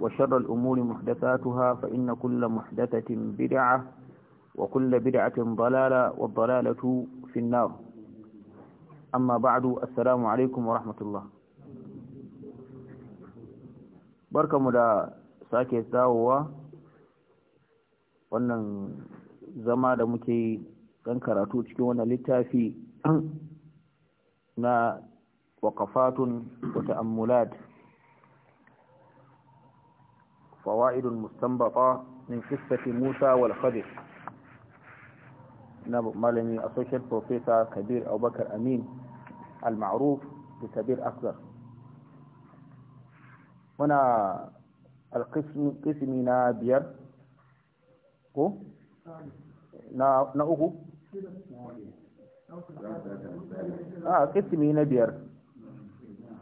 وشر الأمور محدثاتها فإن كل محدثة بدعة وكل بدعة ضلالة والضلالة في النار أما بعد السلام عليكم ورحمة الله barkamu da sake dawowa wannan zama da muke ɗan karatu cikin wannan littafi na waƙafatun wata ammulat فوائد مستنبطة من قصة موسى والخضر نبو مالمي أسوشيال بروفيسور كبير أبو بكر أمين المعروف بكبير أصغر هنا القسم قسمنا بير ko na na uku a kismi na biyar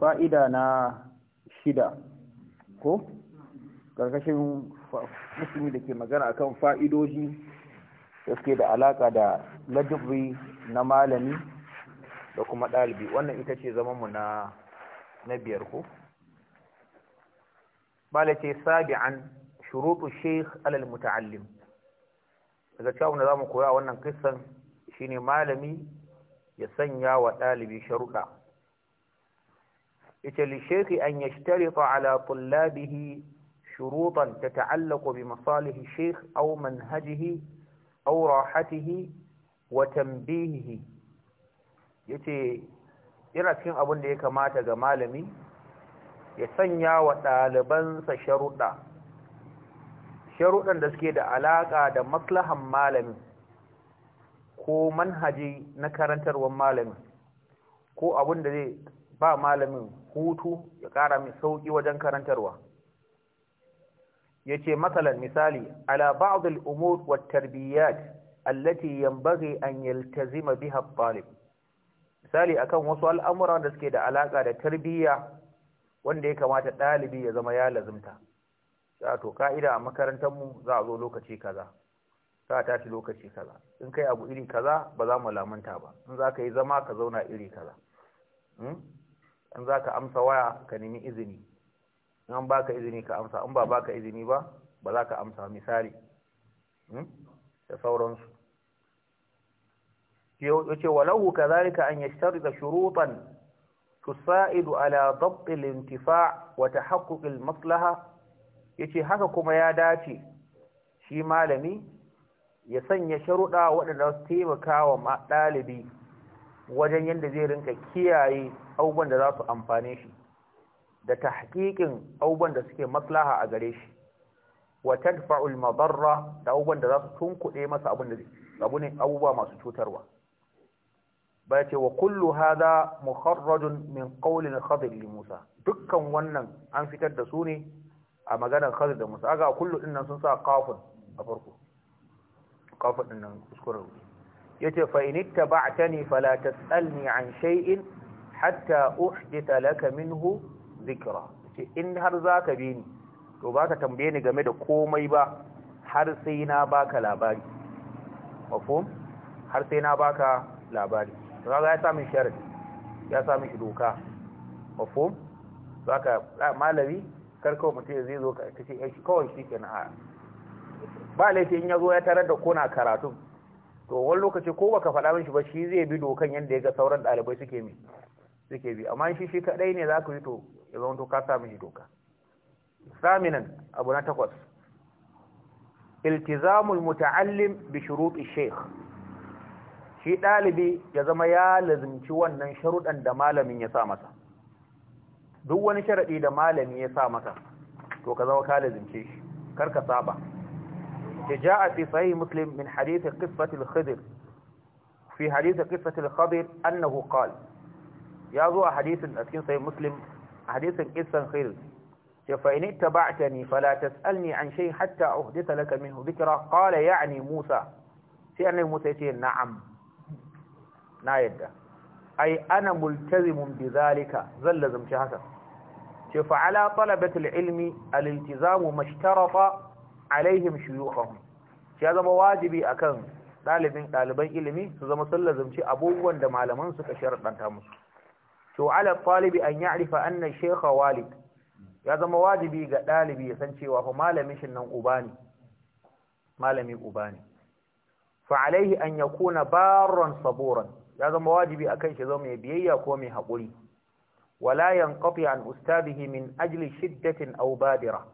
fa'ida na shida ko karkashin musulmi da ke magana akan fa'idoji da suke da alaka da ladabi na malami da kuma dalibi, wannan ita ce zaman na na biyar ko bala ce sabi'an shuruɗu sheikh alal muta'allim daga cewa na zamu koya wannan kissan shine malami ya sanya wa dalibi sharuɗa ita li sheikh an yashtarita ala tullabihi شروطا تتعلق بمصالح الشيخ أو منهجه أو راحته وتنبيهه يتي yana cikin abin da ya kamata ga malami ya sanya wa ɗalibansa sharuɗa sharuɗan da suke da alaƙa da maslahan malami, ko manhaji na karantarwar malami, ko abin da zai ba malamin hutu ya ƙara mai sauƙi wajen karantarwa yace masalan misali ala ba'd al-umur wa tarbiyat allati yanbaghi an yaltazima biha at-talib misali akan wasu al'amuran da suke da alaka da tarbiyya wanda ya kamata ɗalibi ya zama ya lazimta za to ka'ida a makarantar mu za a zo lokaci kaza za ta tashi lokaci kaza in kai abu iri kaza ba za mu lamunta ba in za ka yi zama ka zauna iri kaza hmm? in za ka amsa waya ka nemi izini an baka izini ka amsa in ba baka izini ba ba za ka amsa misali hmm, da sauransu Ya ce walahu zarika an yashtarita shurutan tusaidu ala Sa'idu al-intifa' wata haƙuƙil maslaha maslaha ce haka kuma ya dace shi malami ya sanya sharuɗa waɗanda su taimaka wa ɗalibi wajen yadda zai rinka kiyaye abubuwan da za su amfane shi da tahqiqin abubuwan da suke maslaha a gare shi wa tadfa'u madarra da abubuwan da za su tunkuɗe masa abin da abu ne abubuwa masu cutarwa ba ce wa kullu hadha mukharrajun min qawlin khadir li Musa dukkan wannan an fitar da su ne a maganar khadir da Musa aga kullu din nan sun sa qafun a farko qafun din nan kuskuren yace fa in ittaba'tani fala tas'alni an shay'in hatta uhdita laka minhu zikra ce in har zaka bi ni to baka tambaye ni game da komai ba har sai na baka labari mafhum har sai na baka labari kaga ya samu shirin ya samu doka Za zaka malami karkawa mutum zai zo ka ce kawai shi kenan a ba laifi in ya zo ya tarar da kona karatun to wani lokaci ko baka faɗa mishi ba shi zai bi dokan yadda ya ga sauran ɗalibai suke mi suke bi amma shi shi kaɗai ne za yi to ya zama to ka sa mishi doka saminan abu na takwas iltizamul muta'allim bi shuruti sheikh shi dalibi ya zama ya lazimci wannan sharuɗan da malamin ya sa masa duk wani sharaɗi da malami ya sa masa to ka zama ka lazimce shi kar ka saba ke ja'a fi sahih muslim min hadith qissati al-khidr fi hadith qissati al-khadir annahu qala ya zo a a cikin sahih muslim hadisin qissan khil ce fa in ittaba'tani fala tas'alni an shay hatta uhditha laka minhu dhikra qala ya'ni Musa sai annabi Musa ya ce na'am na yadda ai ana multazimun bi zalika zan lazumci haka ce fa ala talabati ilmi al-iltizamu mashtarata alaihim shuyukhahum ya zama wajibi akan ɗalibin ɗaliban ilimi su zama sun lazumci abubuwan da malaman suka sharaɗanta musu to ala talibi an ya'rifa anna shaykha walid ya zama wajibi ga dalibi ya san cewa fa malamin shin nan uba ne malami uba ne fa alaihi an yakuna barran saburan ya zama wajibi akan shi zama mai biyayya ko mai haƙuri wala yanqati an ustadihi min ajli shiddatin aw badira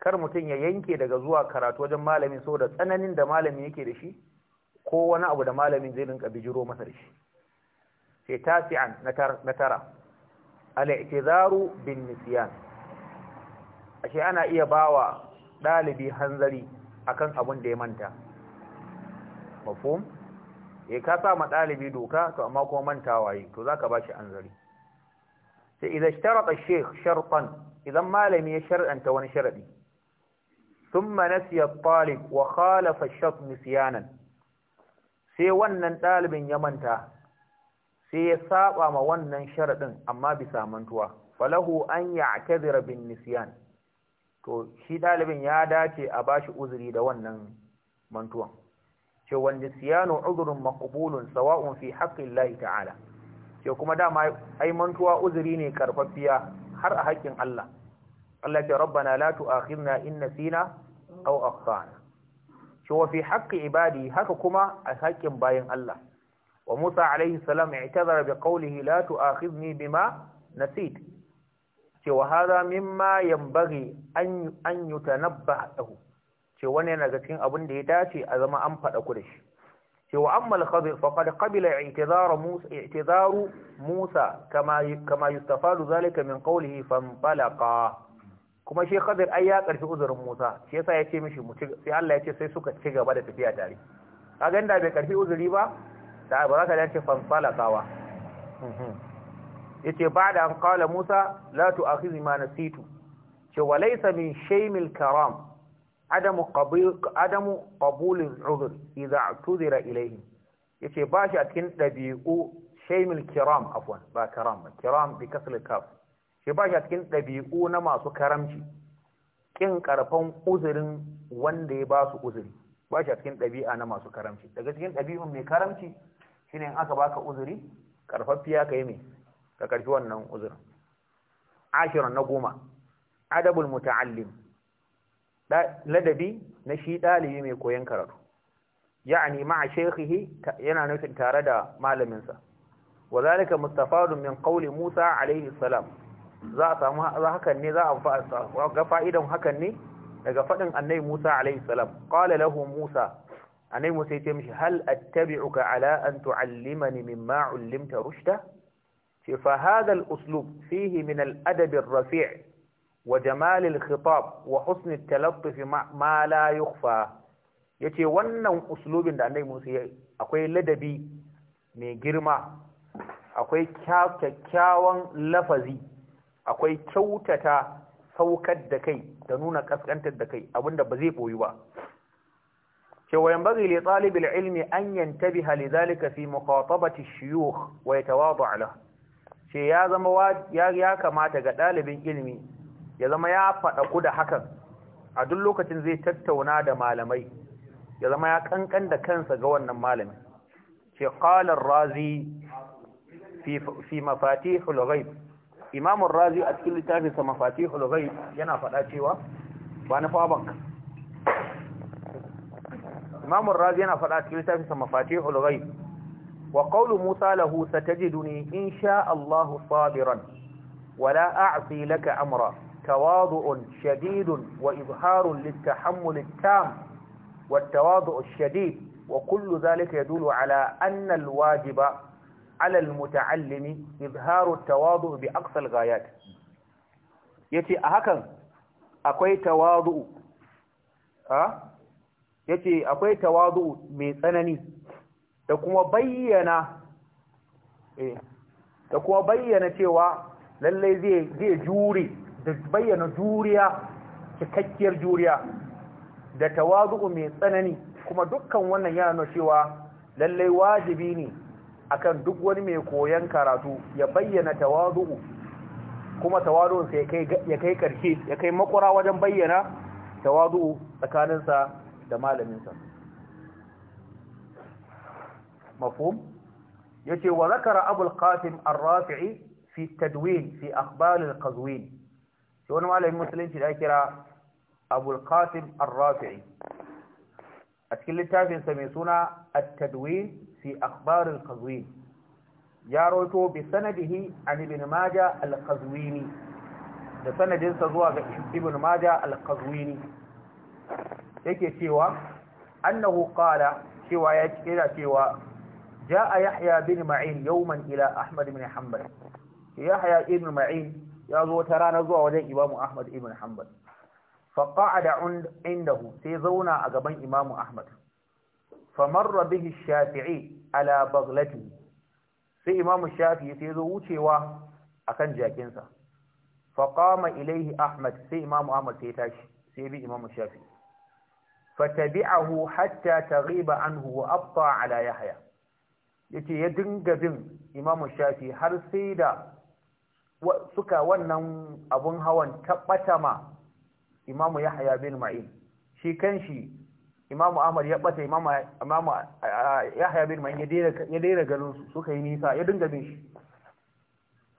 kar mutum ya yanke daga zuwa karatu wajen malamin saboda tsananin da malami yake da shi ko wani abu da malamin zai rinka bijiro masa da shi sai tasi'an na tara al'itizaru bin nisiyan ashe ana iya bawa ɗalibi hanzari akan abin da ya manta mafhum Ya eh, sa ma ɗalibi doka to amma kuma mantawa yi to zaka bashi hanzari sai idan shtarata sheikh shartan idan malami ya shar'anta wani sharadi thumma nasiya at-talib wa khalafa shart nisyanan sai wannan ɗalibin ya manta sai ya saba ma wannan sharadin amma bisa mantuwa falahu an ya'tazira bin nisyan to shi dalibin ya dace a bashi uzuri da wannan mantuwan ce wanda siyanu uzurun maqbulun sawa'un fi haqqillahi ta'ala ce kuma dama ai mantuwa uzuri ne karfaffiya har a haƙƙin Allah Allah ce rabbana la tu'akhirna in nasina aw akhtana ce wa fi haqqi ibadi haka kuma a haƙƙin bayin Allah وموسى عليه السلام اعتذر بقوله لا تؤاخذني بما نسيت cewa hada mimma yambaghi an an yutanabba lahu Cewa wani yana ga cikin abin da ya dace a zama an fada ku da shi cewa amma al-khadir faqad qabila i'tizar Musa i'tizar Musa kama kama yustafadu zalika min qawlihi fanfalaqa kuma shi khadir ai ya karfi uzurin Musa shi yasa ya ce mishi sai Allah ya ce sai suka ci gaba da tafiya tare kaga inda bai karfi uzuri ba da ba ka dace fansalakawa yace ba da an kawo Musa la tu'akhidhi ma nasitu ce walaysa min shaymil karam adamu qabil adamu qabul al-udhr idha tudira ilayhi yace ba shi a cikin dabi'u shaymil kiram afwan ba karam kiram bi kasl kaf shi ba shi a cikin dabi'u na masu karamci kin karfan uzurin wanda ya ba su uzuri ba shi a cikin dabi'a na masu karamci daga cikin dabi'un mai karamci shine in aka baka uzuri ka yi me ka ƙarfi wannan uzurin ashirin na goma adabul muta'allim ladabi na shi ɗalibi mai koyon karatu ya'ani ma'a shaykhihi yana nufin tare da malaminsa. wazalika mustafadun min qawli Musa alayhi salam za a samu hakan ne za a ga fa'idan hakan ne daga fadin annabi Musa alayhi salam qala lahu Musa anai musa ya ce mishi hal attabi'uka ala an tu'allimani mimma ullimta rushda ce fa hadha al-uslub fihi min al-adab ar-rafi' wa jamal al-khitab wa husn at-talattuf ma la yukhfa yace wannan uslubin da anai musa ya akwai ladabi mai girma akwai kyakkyawan lafazi akwai kyautata saukar da kai da nuna kaskantar da kai abinda ba zai boyu ba cewa yanbaghi li talib al-ilmi an yantabiha li dhalika fi muqatabati ash wai wa yatawadu' lahu ce ya zama ya kamata ga ɗalibin ilimi ya zama ya faɗa ku da hakan a duk lokacin zai tattauna da malamai ya zama ya kankan da kansa ga wannan malamin ce qalar razi fi mafatihul ghaib imamun razi a cikin littafinsa mafatihul ghaib yana faɗa cewa ba na fabanka Imam Razi yana faɗa cikin littafin Mafatihul Ghaib wa qawlu Musa lahu satajiduni insha Allah sabiran wala a'si laka amra tawadu'un shadidun wa izharun lit at-tam wat-tawadu'u ash-shadid wa kullu dhalika yadullu ala anna al-wajiba tawadu bi إظهار التواضع بأقصى الغايات يتي أهكا أكوي تواضع أه؟ yace akwai tawadu mai tsanani da kuma bayyana eh, da kuma bayyana cewa lallai zai jure da bayyana juriya cikakkiyar juriya da tawadu mai tsanani kuma dukkan wannan yana nuna cewa lallai wajibi ne akan duk wani mai koyon karatu ya bayyana tawadu kuma tawadu'unsa ya kai ƙarshe ya kai makura wajen bayyana tawadu tsakaninsa da malaminsa mafhum yace wa zakara abul qasim ar-rafi'i fi tadwin fi akhbar al shi wani malamin musulunci da kira abul qasim ar-rafi'i a cikin littafinsa mai suna at-tadwin fi akhbar al ya roto bi sanadihi an ibn majah al-qazwini da sanadinsa zuwa ga ibn maja al-qazwini yake cewa annahu qala cewa ya ce cewa jaa yahya bin ma'in yawman ila ahmad bin hanbal yahya ibn ma'in ya zo ta rana zuwa wajen imamu ahmad ibn hanbal fa qa'ada indahu sai zauna a gaban imamu ahmad fa marra bihi shafi'i ala baghlatihi sai imamu shafi'i sai zo wucewa akan jakinsa fa qama ilaihi ahmad sai imamu ahmad sai tashi sai bi imamu shafi'i fatabi'ahu hatta taghiba anhu wa abta ala yahya yace ya dinga bin imam shafi har sai da suka wannan abun hawan tabbata ma imam yahya bin ma'in shi kanshi imam ahmad ya bata imam imam yahya bin ma'in ya daina ganin su suka yi nisa ya dinga bin shi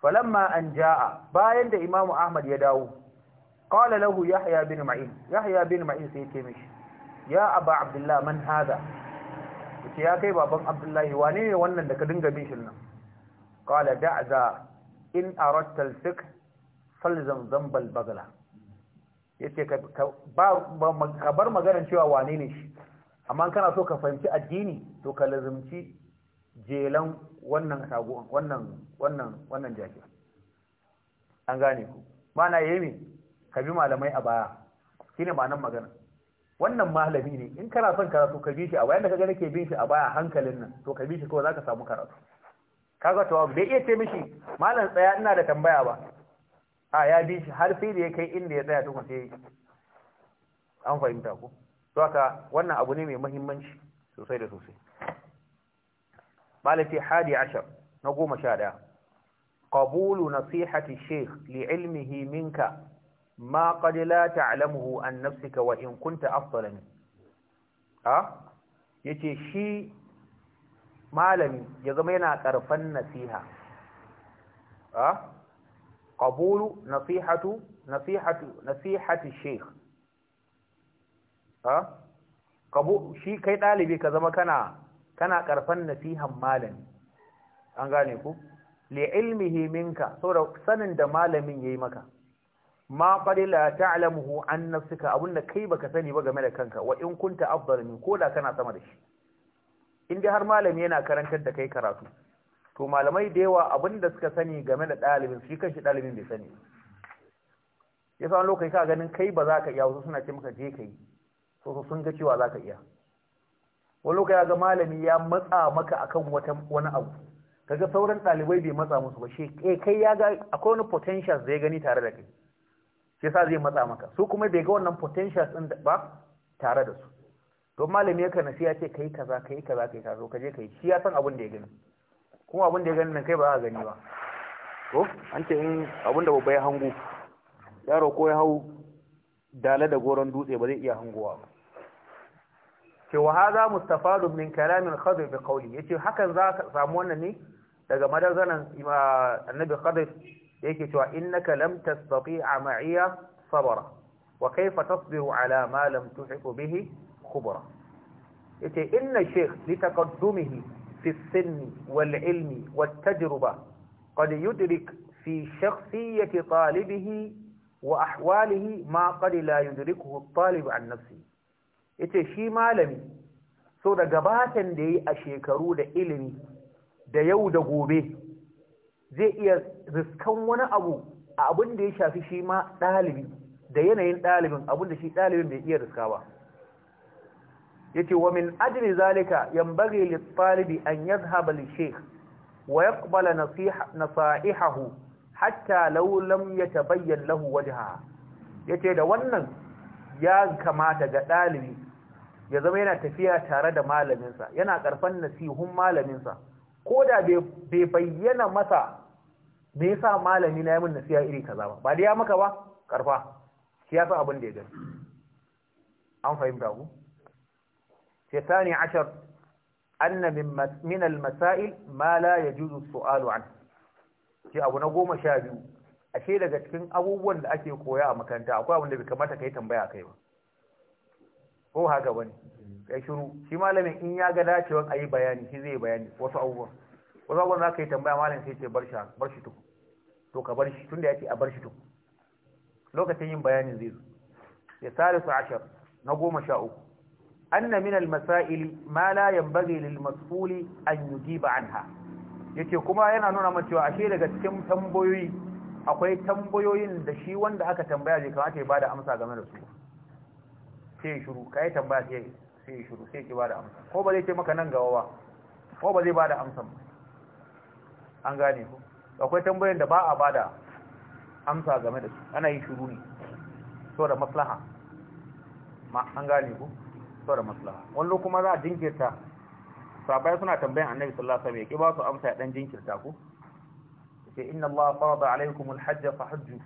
falamma an jaa bayan da imam ahmad ya dawo qala lahu yahya bin ma'in yahya bin ma'in sai ya ce mishi ya aba abdullahi man hada ce ya kai baban abdullahi wane ne wannan da ka dinga bin shin nan qala da'za in a al sik falzam zambal bagla yace ka ka bar maganar cewa wane ne shi amma kana so ka fahimci addini to ka lazumci jelan wannan shago wannan wannan wannan jaki an gane ku mana yemi ka bi malamai a baya shine nan magana wannan malami ne in kana son karatu ka bi shi a bayan da kaga nake bin shi a baya hankalin nan to ka bi shi kawai zaka samu karatu kaga to bai iya ce mishi malam tsaya ina da tambaya ba a ya bi shi har sai da ya kai inda ya tsaya to sai an fahimta ko to haka wannan abu ne mai muhimmanci sosai da sosai malati hadi ashar na goma sha daya qabulu nasihati shaykh li ilmihi minka ma qad la ta'lamuhu an nafsika wa in kunta afdala min ha yace shi malami ya zama yana karfan nasiha ha qabulu nasihatu nasihatu nasihati sheikh ha kabu shi kai ɗalibi ka zama kana kana karfan nasihan malami an gane ku li ilmihi minka saboda sanin da malamin ya yi maka ma qad la ta'lamuhu an nafsika abunda kai baka sani ba game da kanka wa in kunta afdal min ko da kana sama da shi in dai har malami yana karantar da kai karatu to malamai da yawa abinda suka sani game da ɗalibin shi kanshi ɗalibin bai sani ya sa lokaci ka ganin kai ba za ka iya wasu suna ce maka je ka yi so sun ga cewa za ka iya wani lokaci ga malami ya matsa maka akan wani abu kaga sauran ɗalibai bai matsa musu ba shi eh, kai ya ga akwai wani potentials da ya gani tare da kai shi yasa zai matsa maka su kuma bai ga wannan potential din ba tare da su to malami ya kana ya ce kai kaza kai kaza kai kaza ka je kai shi ya san abin da ya gani kuma abin da ya gani nan kai ba za ka gani ba to an ce in abin da babba ya hango yaro ko ya hau dala da goron dutse ba zai iya hangowa ba ce wa haza mustafadu min kalamin khadir bi qawli yace hakan za ka samu wannan ne daga madazanan annabi khadir da yake cewa innaka lam tastati'a ma'iya sabara wa kaifa tasbiru ala ma lam tuhiqu bihi khubra yace inna shaykh li taqaddumihi fi as-sinn wal ilmi wat tajruba qad yudrik fi shakhsiyyati talibihi wa ahwalihi ma qad la yudrikuhu at-talib an nafsi yace shi malami so da gabatan da yi a shekaru da ilimi da yau da gobe zai iya riskan wani abu a abin da ya shafi shi ma ɗalibi da yanayin ɗalibin abin da shi ɗalibin bai iya riska ba Ya ce wa min ajli zalika yan bari littalibi an yi li-shaykh wa ya na sa'ihahu hatta law lam bayyan lahu Ya ce da wannan ya kamata ga ɗalibi ya zama yana tafiya tare da malaminsa yana ƙarfan nasihun malaminsa ko da bai bayyana masa me yasa malami na yamin nasiya iri kaza ba ba da ya maka ba karfa shi ya abin da ya gani an fahimta ku sai tani ashar anna min al-masail ma la yajuzu su'alu an shi abu na goma sha biyu ashe daga cikin abubuwan da ake koya a makaranta akwai abin da bai kamata kai tambaya kai ba ko haka bane ya shiru shi malamin in ya ga dacewa a yi bayani shi zai bayani wasu abubuwan wasu abubuwan za ka yi tambaya malam sai ce bar shi tuku to ka bar shi tunda ya ce a bar shi tuku lokacin yin bayanin zai zo ya sare su ashar na goma sha uku na min almasa'il ma la yanbaghi lil mas'uli an yujiba anha yace kuma yana nuna mana cewa ashe daga cikin tambayoyi akwai tambayoyin da shi wanda aka tambaya zai kamata ya bada amsa game da su sai shiru kai tambaya sai sai shiru sai ki bada amsa ko ba zai ce maka nan gawa ba ko ba zai bada amsa ba an gane ku akwai tambayoyin da ba a bada amsa game da su ana yi shiru ne so da maslaha ma an gane ku so da maslaha wani kuma za a jinkirta sabai suna tambayan annabi sallallahu alaihi wasallam ya ba su amsa ya dan jinkirta ku sai inna Allah farada alaikum alhajj fa hajju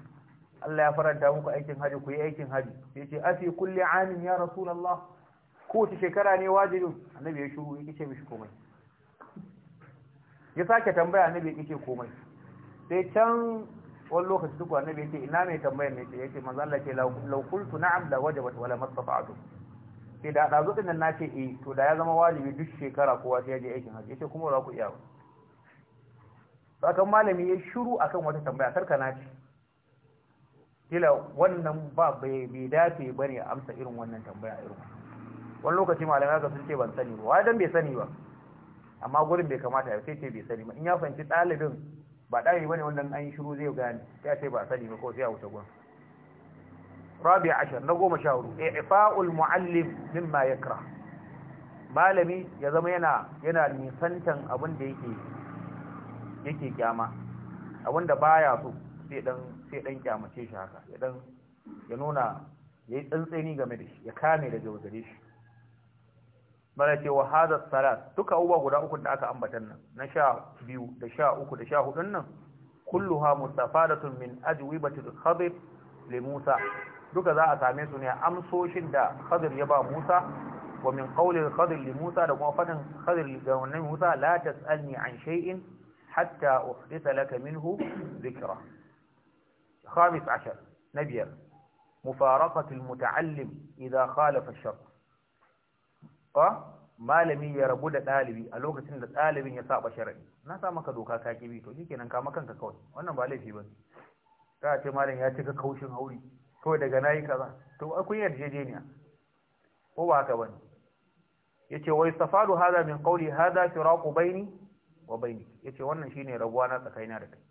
Allah ya faranta muku aikin haji ku yi aikin haji sai ce afi kulli amin ya rasulullah kowace shekara ne wajibin annabi ya shiru ya kice mishi komai ya sake tambaya annabi ya kice komai sai can wani lokaci duk annabi yake ina mai tambayar ne ce manzo Allah ke laukultu qultu na'am la wajaba wala mastata'tu sai da dazu din nan ce eh to da ya zama wajibi duk shekara kowa sai ya je aikin haji yace kuma za ku iya sakan malami ya shiru akan wata tambaya sarka na ce kila wannan ba bai dace bane amsa irin wannan tambaya irin wani lokaci malamai ga sun ce ban sani ba wai dan bai sani ba amma gurin bai kamata ya sai ce bai sani ba in ya fahimci ɗalibin ba ɗalibi bane wanda an yi shiru zai gane ya ce ba sani ba ko sai a wuce gurin rabi 10, na goma sha hudu i'fa'ul mu'allim mimma yakra malami ya zama yana yana nisantan abin da yake yake kyama abin da baya so sai dan sai dan kyamace shi haka ya dan ya nuna yayi tsantseni game da shi ya kame da gare shi bala ce wa hada salat duka uba guda uku da aka ambatan nan na sha biyu da sha uku da sha hudun nan kulluha mustafadatun min ajwibatil khadir li Musa duka za a same su ne amsoshin da khadir ya ba Musa wa min qawlil khadir li Musa da kuma fadin khadir ga wannan Musa la tasalni an shay'in hatta uhditha laka minhu dhikra khamis ashar nabiyar مفارقة المتعلم إذا خالف الشرط fa malami ya rabu da ɗalibi a lokacin da ɗalibin ya saba sharadi na sa maka doka ka kibi to shikenan ka maka kanka kawai wannan ba laifi ba ka ce malam ya cika kaushin hauri kawai daga nayi kaza to akwai yarjejeniya ko ba haka bane yace wai safadu hada min qawli hada firaqu baini wa baini yace wannan shine rabuwa na tsakanina da kai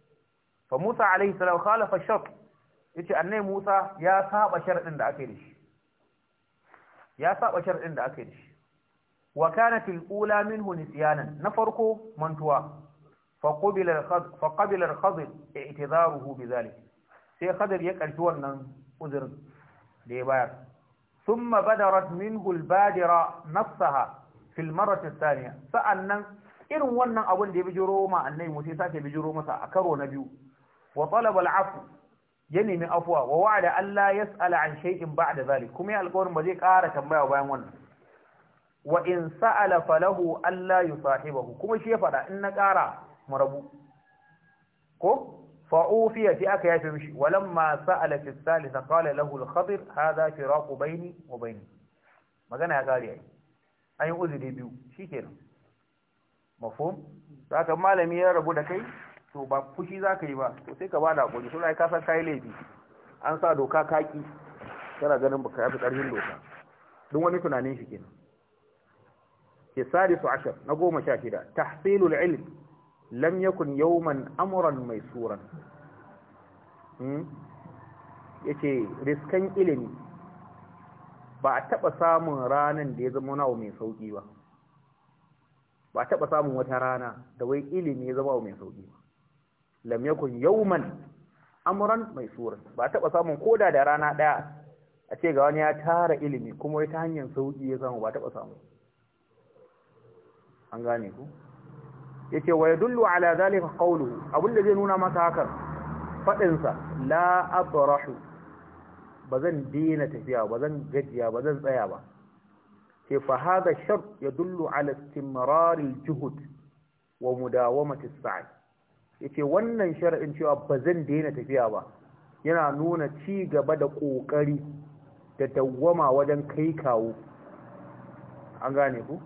fa Musa alaihi salam khalafa shart yace annai Musa ya saba sharadin da aka yi da shi ya saba sharadin da aka yi da shi wa kanat al-ula minhu nisyanan na farko mantuwa fa qabila al-khadr i'tidaruhu bidhalik sai khadr ya karfi wannan uzurin da ya bayar thumma badarat minhu al-badira nafsaha fi al-marrah ath-thaniya sa'annan irin wannan abun da ya bijiro ma annabi musa sake bijiro masa a karo na biyu wa talaba al-'afw ya nemi afwa wa wa'ada alla yas'ala an shay'in ba'da dhalik kuma ya alƙawarin ba zai ƙara tambaya bayan wannan wa in sa'ala falahu alla yusahibahu kuma shi ya faɗa in na ƙara mu rabu ko fa ufiya fi aka yafi mishi walamma sa'ala fi salisa qala lahu al-khadir hadha firaqu bayni wa bayni magana ya kare ai an yi uzuri biyu shikenan mafhum zaka malami ya rabu da kai to ba fushi zaka yi ba to sai ka bada hakuri to lai ka san kai laifi an sa doka kaki kana ganin baka yafi karfin doka duk wani tunanin shi kenan السادس عشر نقوم شاكدا تحصيل العلم لم يكن يوما أمرا ميسورا yace riskan ilimi ba a taɓa samun ranar da ya zama nawa mai sauƙi ba ba a taɓa samun wata rana da wai ilimi ya zama mai sauƙi ba lam yakun yawman amran mai suran ba a taɓa samun koda da rana ɗaya a ce ga wani ya tara ilimi kuma wai ta hanyar sauƙi ya samu ba a taɓa samu an gane ku yake wa yadullu ala zalika qawluhu abinda zai nuna maka hakan fadin sa la abrahu bazan dina tafiya bazan gajiya bazan tsaya ba ce fa hada shart yadullu ala istimrar Juhud, wa mudawamati sai yace wannan shar'in cewa bazan dina tafiya ba yana nuna ci gaba da kokari da dawwama wajen kai kawo an gane ku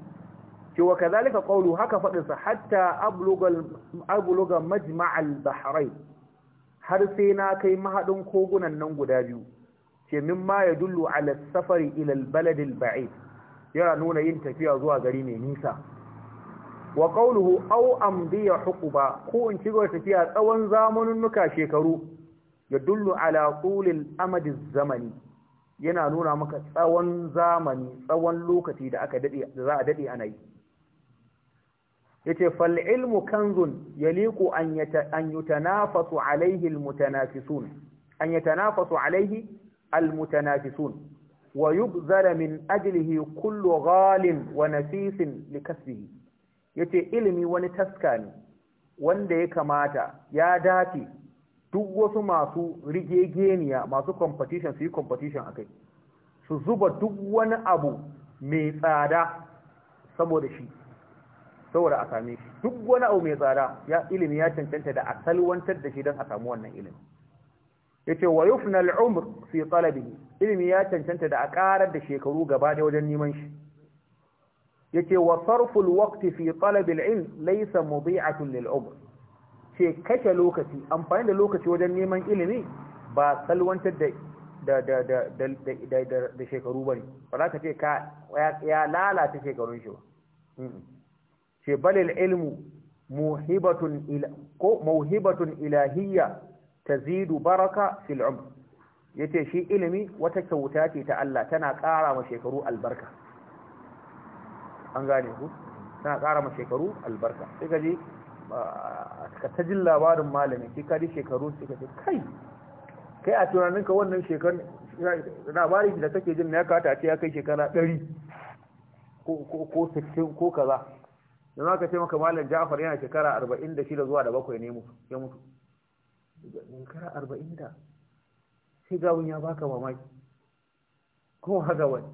ki wa kadhalika qawlu haka fadin sa hatta ablugal abluga majma'al bahrain har sai na kai mahadin kogunan nan guda biyu ce mimma yadullu ala safari ila albalad albaid yana nuna yin tafiya zuwa gari mai nisa wa qawluhu aw amdiya huquba ko in ci gaba tafiya tsawon zamanin nuka shekaru yadullu ala tulil amadi zamani yana nuna maka tsawon zamani tsawon lokaci da aka dade da za a dade ana yi yace fal ilmu kanzun yaliqu an an yutanafasu alayhi al mutanafisun an yatanafasu alayhi al mutanafisun wa yubzara min ajlihi kullu ghalin wa nafisin likasbihi yace ilimi wani taska ne wanda ya kamata ya dace duk wasu masu rigegeniya masu competition su yi competition akai su zuba duk wani abu mai tsada saboda shi saboda a same shi duk wani abu mai tsada ya ilimi ya cancanta da asalwantar da shi don a samu wannan ilimi yace wa yufna al-umr fi talabihi ilimi ya cancanta da a karar da shekaru gaba da wajen neman shi yace wa sarful wakti waqti fi talab laisa mu laysa a lil-umr ce kashe lokaci amfani da lokaci wajen neman ilimi ba salwantar da da da da shekaru bane ba za ka ce ka ya lalata shekarun shi ba ce balil ilmu muhibatun ila ko muhibatun ilahiyya tazidu baraka fil umr yace shi ilimi wata kyauta ce ta Allah tana ƙara ma shekaru albarka an gane ku tana ƙara ma shekaru albarka sai kaji ah, ka ta jin labarin malami sai ka shekaru sai ka kai kai a tunaninka wannan shekaru labarin da kake jin na ya kata ce ya kai shekara ɗari ko sittin ko kaza don haka ce maka malam ja'far yana shekara 46 zuwa da bakwai ne mutu ya mutu shekara 40 da sai gawun ya baka mamaki ko haka wani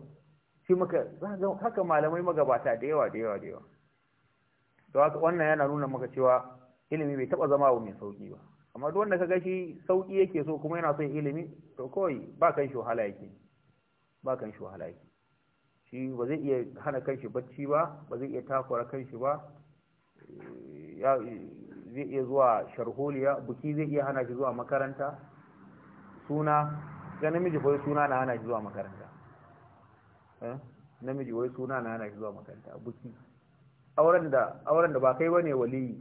shi maka haka malamai magabata da yawa da yawa da yawa to haka wannan yana nuna maka cewa ilimi bai taba zama mai sauki ba amma duk wanda ga shi sauki yake so kuma yana son ilimi to kawai ba kan shi wahala yake ba kan shi wahala yake shi ba zai iya hana kanshi bacci ba ba zai iya takura kanshi ba zai iya zuwa sharholiya buki zai iya hana shi zuwa makaranta suna ga namiji wai suna na hana shi zuwa makaranta eh? namiji wai suna na hana shi zuwa makaranta buki auren da auren da ba kai bane waliyi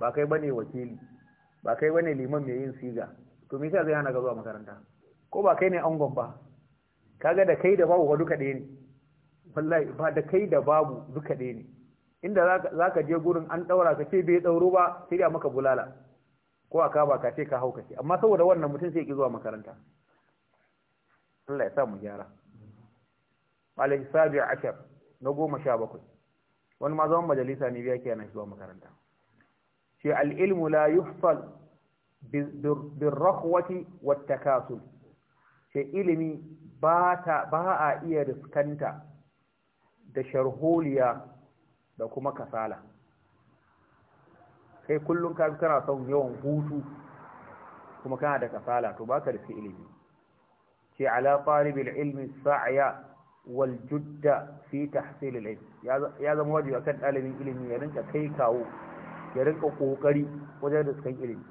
ba kai bane wakili ba kai bane liman mai yin siga to me yasa zai hana ka zuwa makaranta ko ba kai ne angon ba kaga da kai da babu wa duka ɗaya ne wallahi ba da kai da babu duka ɗaya ne inda za ka je gurin an ɗaura ka ce bai ɗauro ba sai a maka bulala ko a kaba ka ce ka hau ka ce amma saboda wannan mutum sai ki zuwa makaranta Allah ya sa mu gyara alaihi sabi ashar na goma sha bakwai wani ma zaman majalisa ne biya ke yana zuwa makaranta shi al'ilmu la yuhsal bin rahwati wata kasu, shi ilimi ba a iya riskanta da sharholiya da kuma kasala kai kullum ka kana son yawan hutu kuma kana da kasala to baka da ilimi ce ala talibil ilmi sa'ya wal judda fi tahsil al ilm ya zama wajibi akan dalibin ilimi ya rinka kai kawo ya rinka kokari wajen da sukan ilimi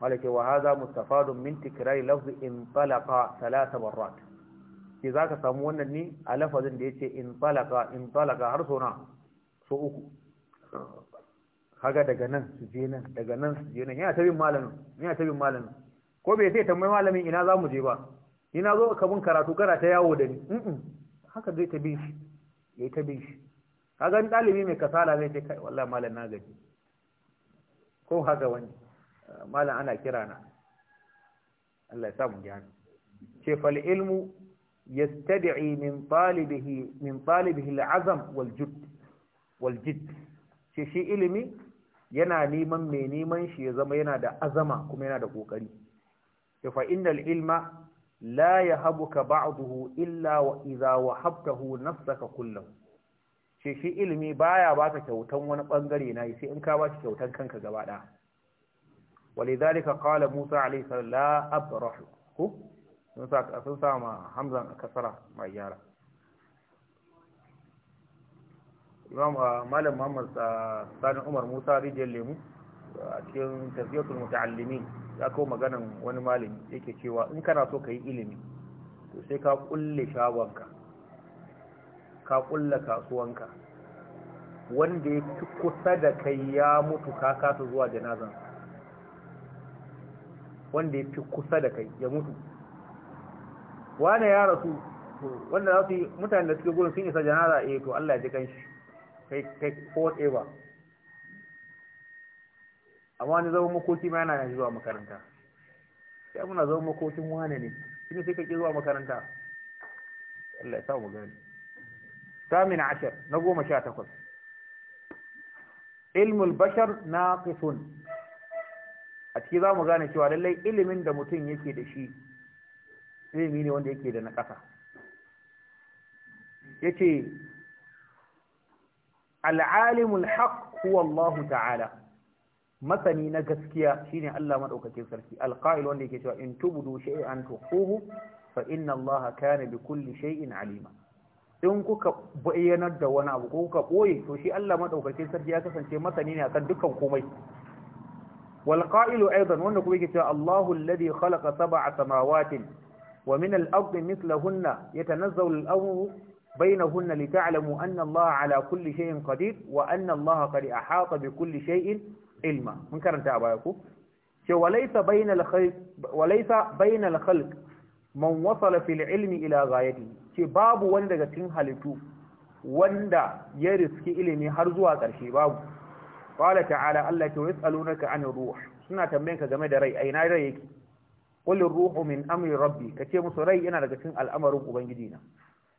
malaka wa hadha mustafadun min tikrar lafzi in talaqa thalath marrat ce za ka samu wannan ni a lafazin da ya ce in talaka in talaka har sona so uku haga daga nan su je nan daga nan su je nan yana tabin malamin yana tabin malamin ko bai sai tambayi malamin ina za mu je ba ina zo ka bin karatu kana ta yawo da ni haka zai ta bin shi yayi ta bin shi kaga ni dalibi mai kasala zai ce kai wallahi malam na gaji ko haka wani malam ana kira na Allah ya sa mu gani ce fal ilmu yastad'i min talibihi min talibihi al'azam wal waljid. shi shi ilimi yana neman mai neman shi ya zama yana da azama kuma yana da kokari fa innal ilma la yahabuka ba'dahu illa wa idha wahabtahu nafsaka kullahu shi shi ilimi baya baka kyautan wani bangare na sai in ka bashi kyautan kanka gaba daya walidhalika qala musa alayhi salam la abrahu sun sa ma hamzan a kasara mai gyara imam ah, malam muhammad ah, sani umar musa rijiyar lemu a cikin tafiyatul muta'allimi ya kawo maganan wani malami yake cewa in kana so ka yi ilimi to sai ka kulle shagonka ka kulle kasuwanka wanda ya fi kusa da kai ya mutu ka kasa zuwa janazan wanda ya fi kusa da kai ya mutu wane ya rasu wanda za su yi mutane da suke gudun sun isa janara eh to Allah ya ji kanshi kai kai ko ba amma wani zama makoki ma yana zuwa makaranta sai muna zama makokin wane ne shi ne sai kake zuwa makaranta Allah ya samu mu gani samin ashir na goma sha takwas ilmul bashar na a ciki za mu gane cewa lallai ilimin da mutum yake da shi ilimi ne wanda yake da na ƙasa ya ce al'alimul haƙ, huwa Allah ta'ala masani na gaskiya shine Allah madaukakin sarki alqa'il wanda yake cewa in tubdu an tuquhu fa inna Allah kana bi kulli shay'in alima in kuka bayyanar da wani abu kuka boye to shi Allah madaukakin sarki ya kasance masani ne akan dukkan komai wal qa'ilu aidan wanda kuma yake cewa Allahu alladhi samawatin wa min al-ardi mithlahunna yatanazzalu al-amru bainahunna lita'lamu anna Allah ala kulli shay'in qadir wa anna Allah qad ahata bi kulli shay'in ilma mun karanta a baya ce walaysa bainal khalq walaysa bainal wasala fil ilmi ila ghayatihi ce babu wani daga cikin halittu wanda ya riski ilimi har zuwa ƙarshe babu qala ta'ala Allah ke yasalunaka anir ruh suna ka game da rai a aina rai yake qul ruhu min amri rabbi kace musu rai yana daga cikin al'amarin ubangiji na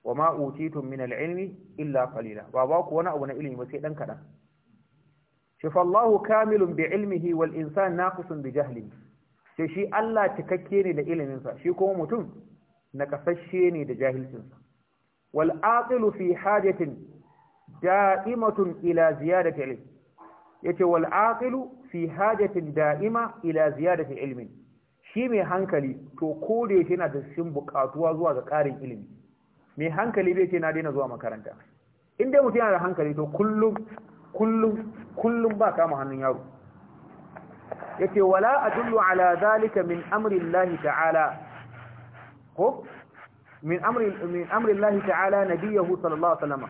Wama ma utitum min al-ilmi illa qalila ba ba ku wani abu na ilimi ba sai dan kadan shi fa Allahu kamilun bi ilmihi wal insan naqisun bi jahlihi sai shi Allah cikakke ne da iliminsa shi kuma mutum na kasashe ne da jahilcinsa wal aqilu fi hajatin da'imatun ila ziyadati ilmi yace wal aqilu fi hajatin da'ima ila ziyadati ilmin shi mai hankali to ko da yake yana da cikin bukatuwa zuwa ga karin ilimi mai hankali bai ce na daina zuwa makaranta in dai mutum yana da hankali to kullum kullum kullum ba kama hannun yaro yace wala adullu ala zalika min amri Lahi ta'ala ko min amri min amri ta'ala sallallahu alaihi wasallam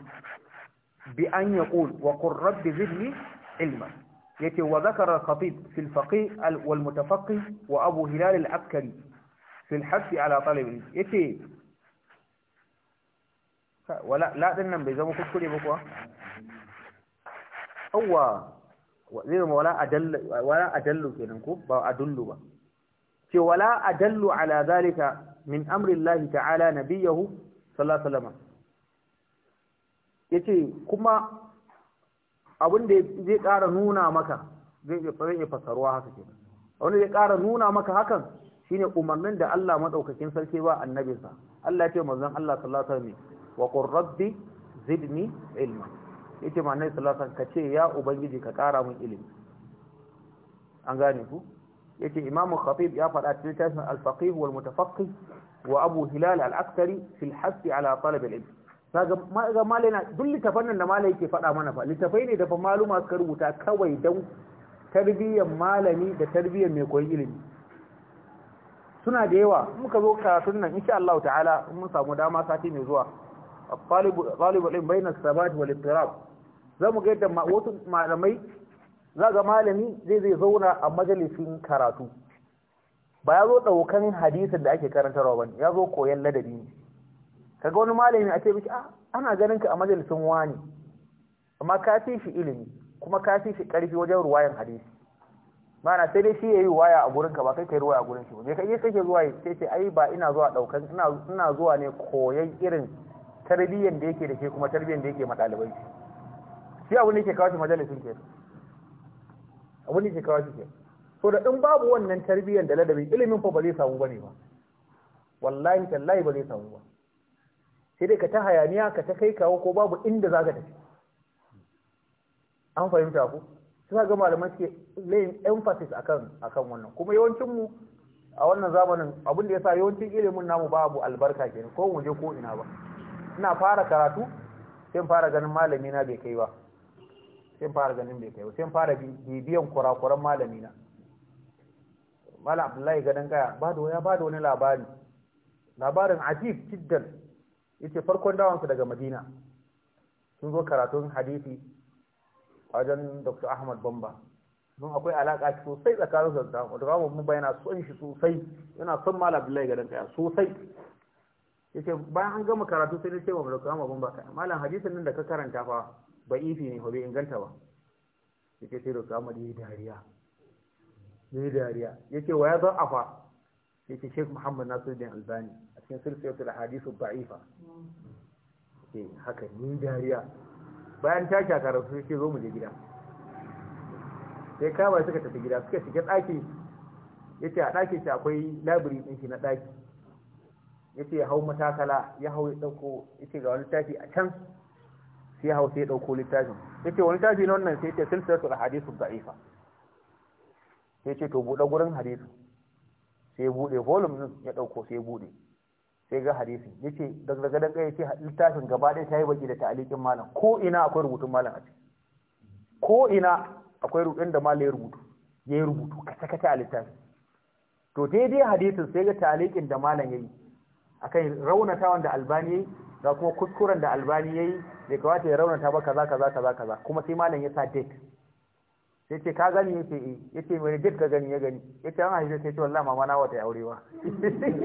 bi an yaqul wa qur rabbi zidni ilman yace wa zakara al-khatib fi al-faqih wal mutafaqih wa abu hilal al-askari fi al-hadd ala talib yace wala la nan bai zama kuskure ba kuwa awa zai zama wala adallu kenan ko ba adullu ba ce wala adallu ala zalika min amri lahi ta'ala nabiyahu sallallahu alaihi wasallam yace kuma abin da zai ƙara nuna maka zai iya fassarwa haka ke abin da zai ƙara nuna maka hakan shine umarnin da Allah madaukakin sarki ba annabinsa Allah ya ce manzon Allah sallallahu alaihi wa rabbi zidni ilma yace manzon sallallahu alaihi wasallam kace ya ubangiji ka ƙara mun ilimi an gane ku yace imam khatib ya faɗa cikin tashin al-faqih wal mutafaqqih wa abu hilal al-aktari fil hasbi ala talab al-ilm ga malai na duk littafan nan da malai yake faɗa mana fa littafai ne da fa maluma suka rubuta kawai don tarbiyyar malami da tarbiyyar mai koyi ilimi suna da yawa muka zo karatun nan insha Allah ta'ala mun samu dama sati mai zuwa talibu ilm bayna sabat wal ittirab zamu ga yadda wasu malamai za ga malami zai zai zauna a majalisin karatu ba ya zo daukan hadisin da ake karantarwa ba ya zo koyon ladabi ne kaga wani malami a ce miki a ah, ana ganin ka a majalisin wani amma ka fi shi ilimi kuma ka fi shi karfi wajen ruwayan hadisi mana sai dai shi yayi waya a gurin ka ba kai kai ruwaya a gurin shi ba me kai kake zuwa sai ce ai ba ina zuwa daukan ina ina zuwa ne koyan irin tarbiyyan da yake da shi kuma tarbiyyan da yake ma shi shi abu da yake kawo shi majalisin ke Abun da yake kawo shi ke so da in babu wannan tarbiyyan da ladabi ilimin fa ba zai samu bane ba wallahi tallahi ba zai samu ba sai dai ka ta hayaniya ka ta kai kawo ko babu inda za ka tafi an fahimta ku suna ga malaman suke layin emphasis akan akan wannan kuma yawancin mu a wannan zamanin abin da yasa yawancin ilimin namu babu albarka kenan ko mu je ko ina ba ina fara karatu sai in fara ganin malami na bai kai ba sai in fara ganin bai kai ba sai in fara bibiyan kurakuran malami na malam Abdullahi gadan kaya ba da waya ba da wani labari labarin ajib jiddan yace farkon dawansu daga madina sun zo karatun hadisi a wajen dr ahmad bamba don akwai alaka shi sosai tsakanin su da wata kawo mun yana son shi sosai yana son mala abdullahi gadon kaya sosai yace bayan an gama karatu sai na ce wa dr ahmad bamba kai malam hadisin nan da ka karanta fa ba ifi ne ba bai inganta ba yace sai dr ahmad yi dariya yi dariya yace wa ya zan afa yace sheikh muhammad nasiruddin albani cikin silsilatul hadisu da'ifa ke haka ni dariya bayan ta shaka rasu sai zo mu je gida sai kama suka tafi gida suka shiga Ya yace a ɗakin ta akwai labiri ɗin shi na ɗaki yace ya hau matakala ya hau ya Ya yace ga wani tafi a can sai ya hau sai ya dauko littafin yace wani tafi na wannan sai yace silsilatul hadisu da'ifa sai ce to buɗe gurin hadisu sai buɗe volume ya dauko sai buɗe sai ga hadisin yace daga gadan kai yace littafin gaba ɗaya ta yi baki da ta'alikin malam ko ina akwai rubutun malam a ciki ko ina akwai rubutun da malam ya rubutu ya yi rubutu kace kace a littafin to dai hadisin sai ga ta'alikin da malam ya yayi akan raunatawan da albani yi da kuma kuskuren da albani yi bai kawata ya raunata ba kaza kaza kaza kaza kuma sai malam ya sa date sai ce ka gani yace eh yace mai date ka gani ya gani yace an haife sai ce wallahi mama na wata aurewa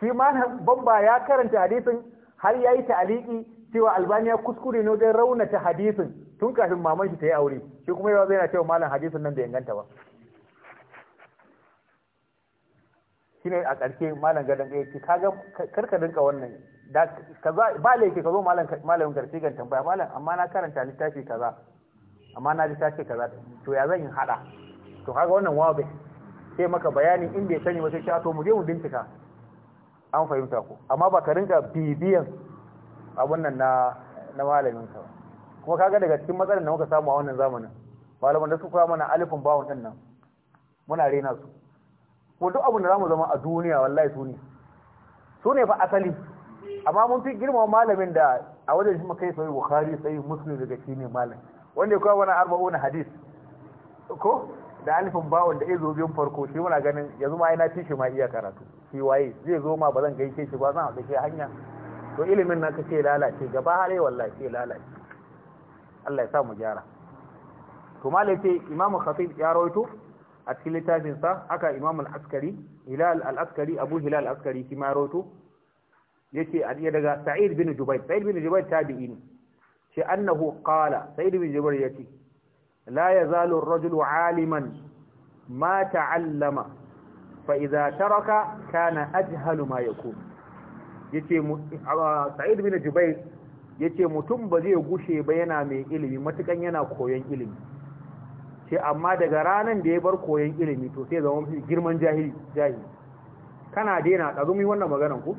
shi malam bamba ya karanta hadisin har yayi ta'aliki cewa albani ya kuskure ne wajen raunata hadisin tun kafin maman shi ta yi aure shi kuma yawa zai na cewa malam hadisin nan bai inganta ba shine a ƙarshe malam gadon ɗaya ce kaga karka dinka wannan da kaza ba laifi ka zo malam malamin karshe kan tambaya malam amma na karanta littafi kaza amma na littafi kaza to ya zan yi hada to kaga wannan wabe sai maka bayanin inda ya sani ba sai ce to mu je mu bincika an fahimta ku amma ba ka rinka bibiyan abun nan na na malamin ka kuma kaga daga cikin matsalar da muka samu a wannan zamanin malaman da suka mana alifin bawon din nan muna rena su ko duk abin da zamu zama a duniya wallahi su ne su ne fa asali amma mun fi girmama malamin da a wajen shi muka yi sai bukhari sai muslim daga shi ne malam wanda ya kawo wani arba'una hadis ko da alifin bawon da ya zo biyun farko shi muna ganin yanzu ma yana na shi ma iya karatu shi waye zai zo ma ba zan gaishe shi ba zan haɗu shi hanya to ilimin nan ka lalace gaba hare wallahi ke lalace Allah ya sa mu gyara to malace Imam Khatib ya rawaito a cikin littafin sa aka Imam al-Askari Hilal al-Askari Abu Hilal al-Askari shi ma rawaito yace a daga Sa'id bin Jubayr Sa'id bin Jubayr tabi'i shi annahu qala Sa'id bin Jubayr yace la yazalu ar-rajulu 'aliman ma ta'allama fa idza taraka kana ajhalu ma yakun yace Sa'id bin Jubair yace mutum ba zai gushe ba yana mai ilimi matukan yana koyon ilimi ce amma daga ranan da ya bar koyon ilimi to sai zama girman jahili jahili kana daina kazumi wannan maganar ku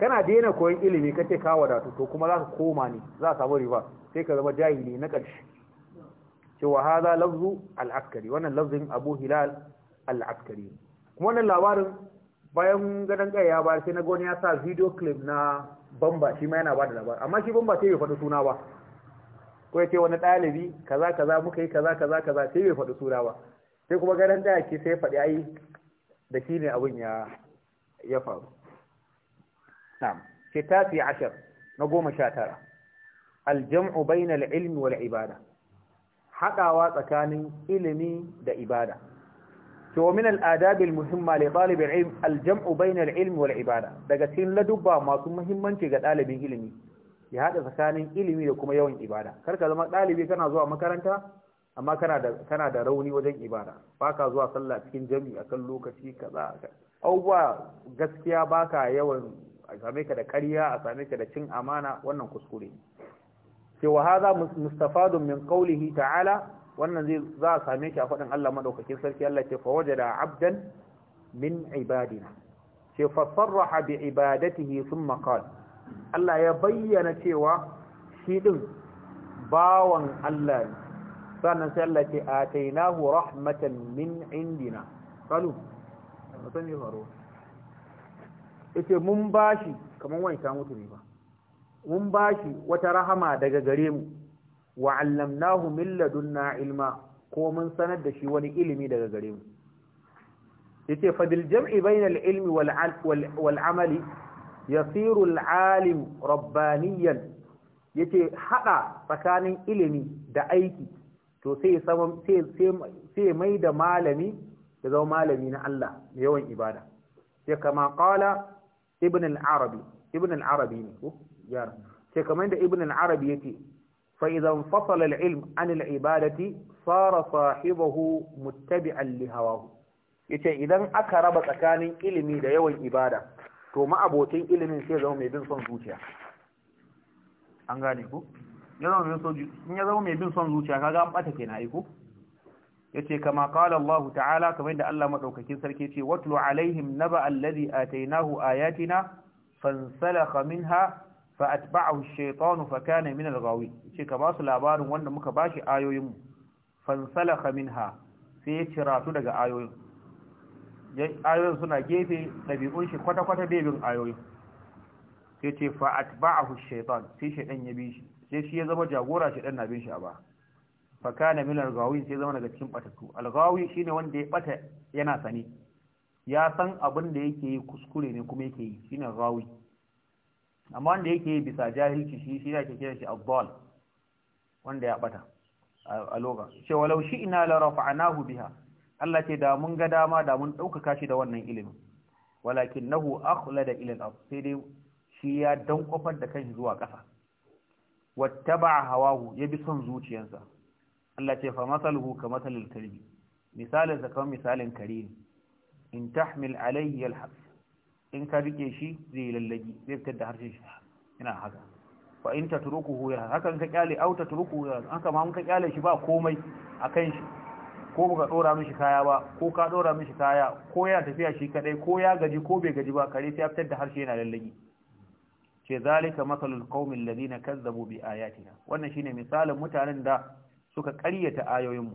kana daina koyon ilimi kace ka wadatu to kuma za ka koma ne za ka samu riba sai ka zama jahili na ƙarshe cewa haza lafzu al-askari wannan lafzin abu hilal al-askari kuma wannan labarin bayan gadon kai ya ba sai na gani ya sa video clip na bamba shi ma yana ba da labarin amma shi bamba sai bai faɗi suna ba ko ya ce wani ɗalibi kaza kaza muka yi kaza kaza kaza sai bai faɗi suna ba sai kuma gadon kai ke sai faɗi ai da shi ne abin ya ya faru na'am kitabi 10 na 19 al-jam'u bayna al-ilmi wal ibada haɗawa tsakanin ilimi da ibada to min al'adab al-muhimma li talib al-ilm al-jam'u bayna al-ilm wal ibada daga cikin ladubba masu muhimmanci ga ɗalibin ilimi ya haɗa tsakanin ilimi da kuma yawan ibada kar ka zama ɗalibi kana zuwa makaranta amma kana da kana da rauni wajen ibada baka zuwa sallah cikin jami'i akan lokaci kaza auwa gaskiya baka yawan a same ka da ƙarya a same ka da cin amana wannan kuskure cewa hadha mustafadun min qawlihi ta'ala wannan zai za a same shi a faɗin Allah madaukakin sarki Allah ce fa wajada abdan min ibadina ce fa sarraha bi ibadatihi thumma qala Allah ya bayyana cewa shi din bawan Allah ne sannan sai Allah ce atainahu rahmatan min indina qalu mutum ya faro yace mun bashi Kamar wani ta mutu ne ba mun bashi wata rahama daga gare mu wa 'allamnahu min ladunna ilma ko mun sanar da shi wani ilimi daga gare mu yace fa bil jam'i bainal ilmi wal wal amali yasiru al 'alim rabbaniyan yace hada tsakanin ilimi da aiki to sai sai mai da malami ya zama malami na Allah yawan ibada sai kama qala ibn al-arabi ibn al-arabi ne yara sai kamar da ibn al-arabi yake fa idan fasala al-ilm an al-ibadati sara sahibahu muttabi'an li hawahu yace idan aka raba tsakanin ilimi da yawan ibada to ma'abotin ilimin sai zama mai bin son zuciya an gane ku ya zama mai son ya zama mai bin son zuciya kaga an bata kenan ai ku yace kama qala Allah ta'ala kamar da Allah madaukakin sarki yace watlu alaihim naba allazi atainahu ayatina fansalakha minha fa atba'ahu ash-shaytanu fa kana min al-ghawi yace ka basu labarin wanda muka bashi ayoyin mu fansalakha minha sai ya ciratu daga ayoyin ayoyin suna gefe dabi'un shi kwata-kwata bebin ayoyin sai ce fa atba'ahu ash-shaytan sai shaytan ya bishi, sai shi ya zama jagora shaytan na bin shi a ba fa kana min al-ghawin sai zama daga cikin batatu al-ghawi shine wanda ya bata yana sani ya san abin da yake yi kuskure ne kuma yake yi shine ghawi amma wanda yake bisa jahilci shi shi ake kira shi abdal wanda ya bata a loga ce walau shi ina la rafa'nahu biha Allah ce da mun ga dama da mun ɗaukaka shi da wannan ilimin nahu akhlada ila al-ard sai dai shi ya dan kofar da kanshi zuwa ƙasa wattaba'a hawahu ya bi son zuciyarsa Allah ce fa masaluhu ka masalil kalbi misalin sa kamar misalin kare ne in tahmil alayhi yalhas in ka rike shi zai yi lallagi zai fitar da harshen shi ina haka fa in tatrukuhu ya hakan ka kyale au tatrukuhu ya haka ma mun ka kyale shi ba komai akan shi ko baka dora mishi kaya ba ko ka dora mishi kaya ko yana tafiya shi kadai ko ya gaji ko bai gaji ba kare sai ya fitar da harshe yana lallagi Ke zalika masalul qaumin ladina kazzabu bi ayatina wannan shine misalin mutanen da suka ƙaryata ayoyinmu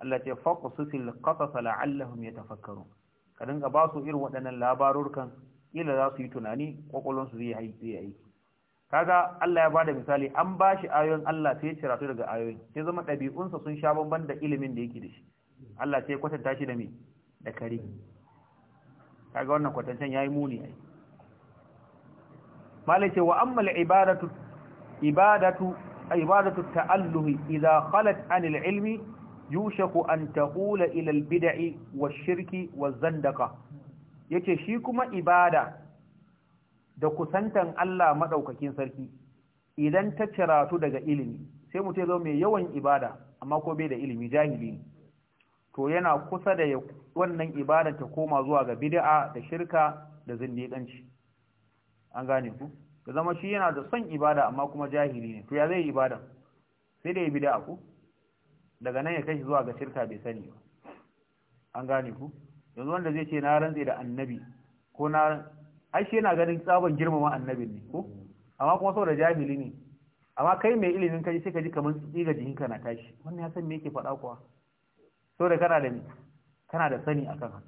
Allah ce faqsusil qasas la'allahum yatafakkarun ka dinga ba su irin waɗannan labarurkan kila za su yi tunani kwakwalwansu zai yi aiki kaga Allah ya bada misali an ba shi ayoyin Allah sai ya cira su daga ayoyin sai zama ɗabi'unsa sun sha bamban da ilimin da yake da shi Allah sai ya kwatanta shi da me da kare kaga wannan kwatancen yayi muni ai malai ce wa amma al-ibadatu ibadatu ibadatu ta'alluhi idza khalat an al-ilmi yushaku an taqula ila al-bid'i wash-shirki waz-zandaqa yake shi kuma ibada da kusantan Allah madaukakin sarki idan ta ciratu daga ilimi sai mutum zo mai yawan ibada amma ko bai da ilimi jahili ne to yana kusa da wannan ibada ta koma zuwa ga bid'a da shirka da zindiƙanci an gane ku da zama shi yana da son ibada amma kuma jahili ne to ya zai ibada sai da ya bid'a ku daga nan ya kashi zuwa ga shirka bai sani ba an gane ku yanzu wanda zai ce na rantse da annabi ko na ai shi yana ganin tsaban girmama annabin ne ko amma kuma saboda jahili ne amma kai mai ilimin kaji sai ka ji kamar tsiga jikinka na tashi wannan ya san me yake faɗa kuwa saboda kana da kana da sani akan haka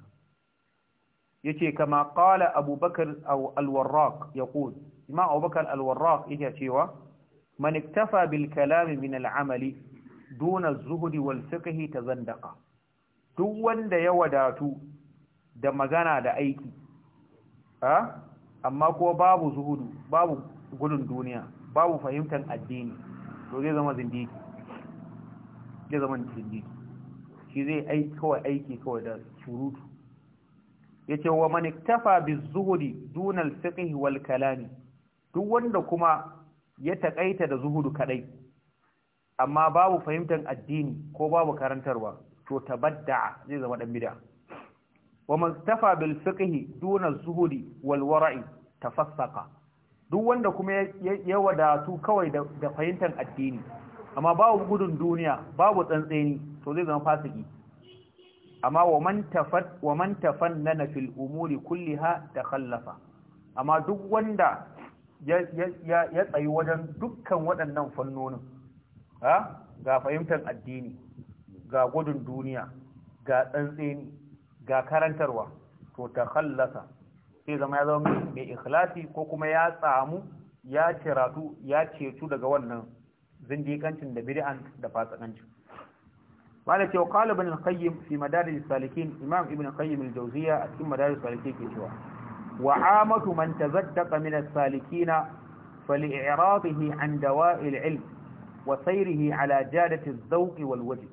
yace kama qala abubakar aw al-warraq yaqul imam abubakar al-warraq yake cewa man iktafa bil kalam min al-amali duna az-zuhdi wal fiqhi tazandaqa duk wanda ya wadatu da magana da aiki amma ko babu zuhudu babu gudun duniya babu fahimtar addini to zai zama zindiki zai zama zindiki shi zai aiki kawai aiki kawai da surutu yace wa man iktafa zuhudi dun alfiqh wal kalam duk wanda kuma ya takaita da zuhudu kadai amma babu fahimtar addini ko babu karantarwa to tabadda'a zai zama dan bid'a wa man tafa bil fiqhi duna zuhudi wal wara'i tafassaqa duk wanda kuma ya wadatu kawai da fahimtar addini amma babu gudun duniya babu tsantseni to zai zama fasiki amma wa man tafat wa man tafannana fil umuri kulliha takhallafa amma duk wanda ya tsayi wajen dukkan waɗannan fannonin ga fahimtar addini ga gudun duniya ga tsantseni ga karantarwa to ta khallasa sai zama ya zama mai ikhlasi ko kuma ya tsamu ya ceratu ya cetu daga wannan zindikancin da bid'an da fasikancin wala cewa qala ibn al-qayyim fi madarij salikin imam ibn qayyim al-jawziyya a cikin madarij salikin ke cewa wa amatu man tazaddaqa min as-salikin fa li'iradihi an dawa'i al-ilm wa sayrihi ala jadati az-zawq wal wajh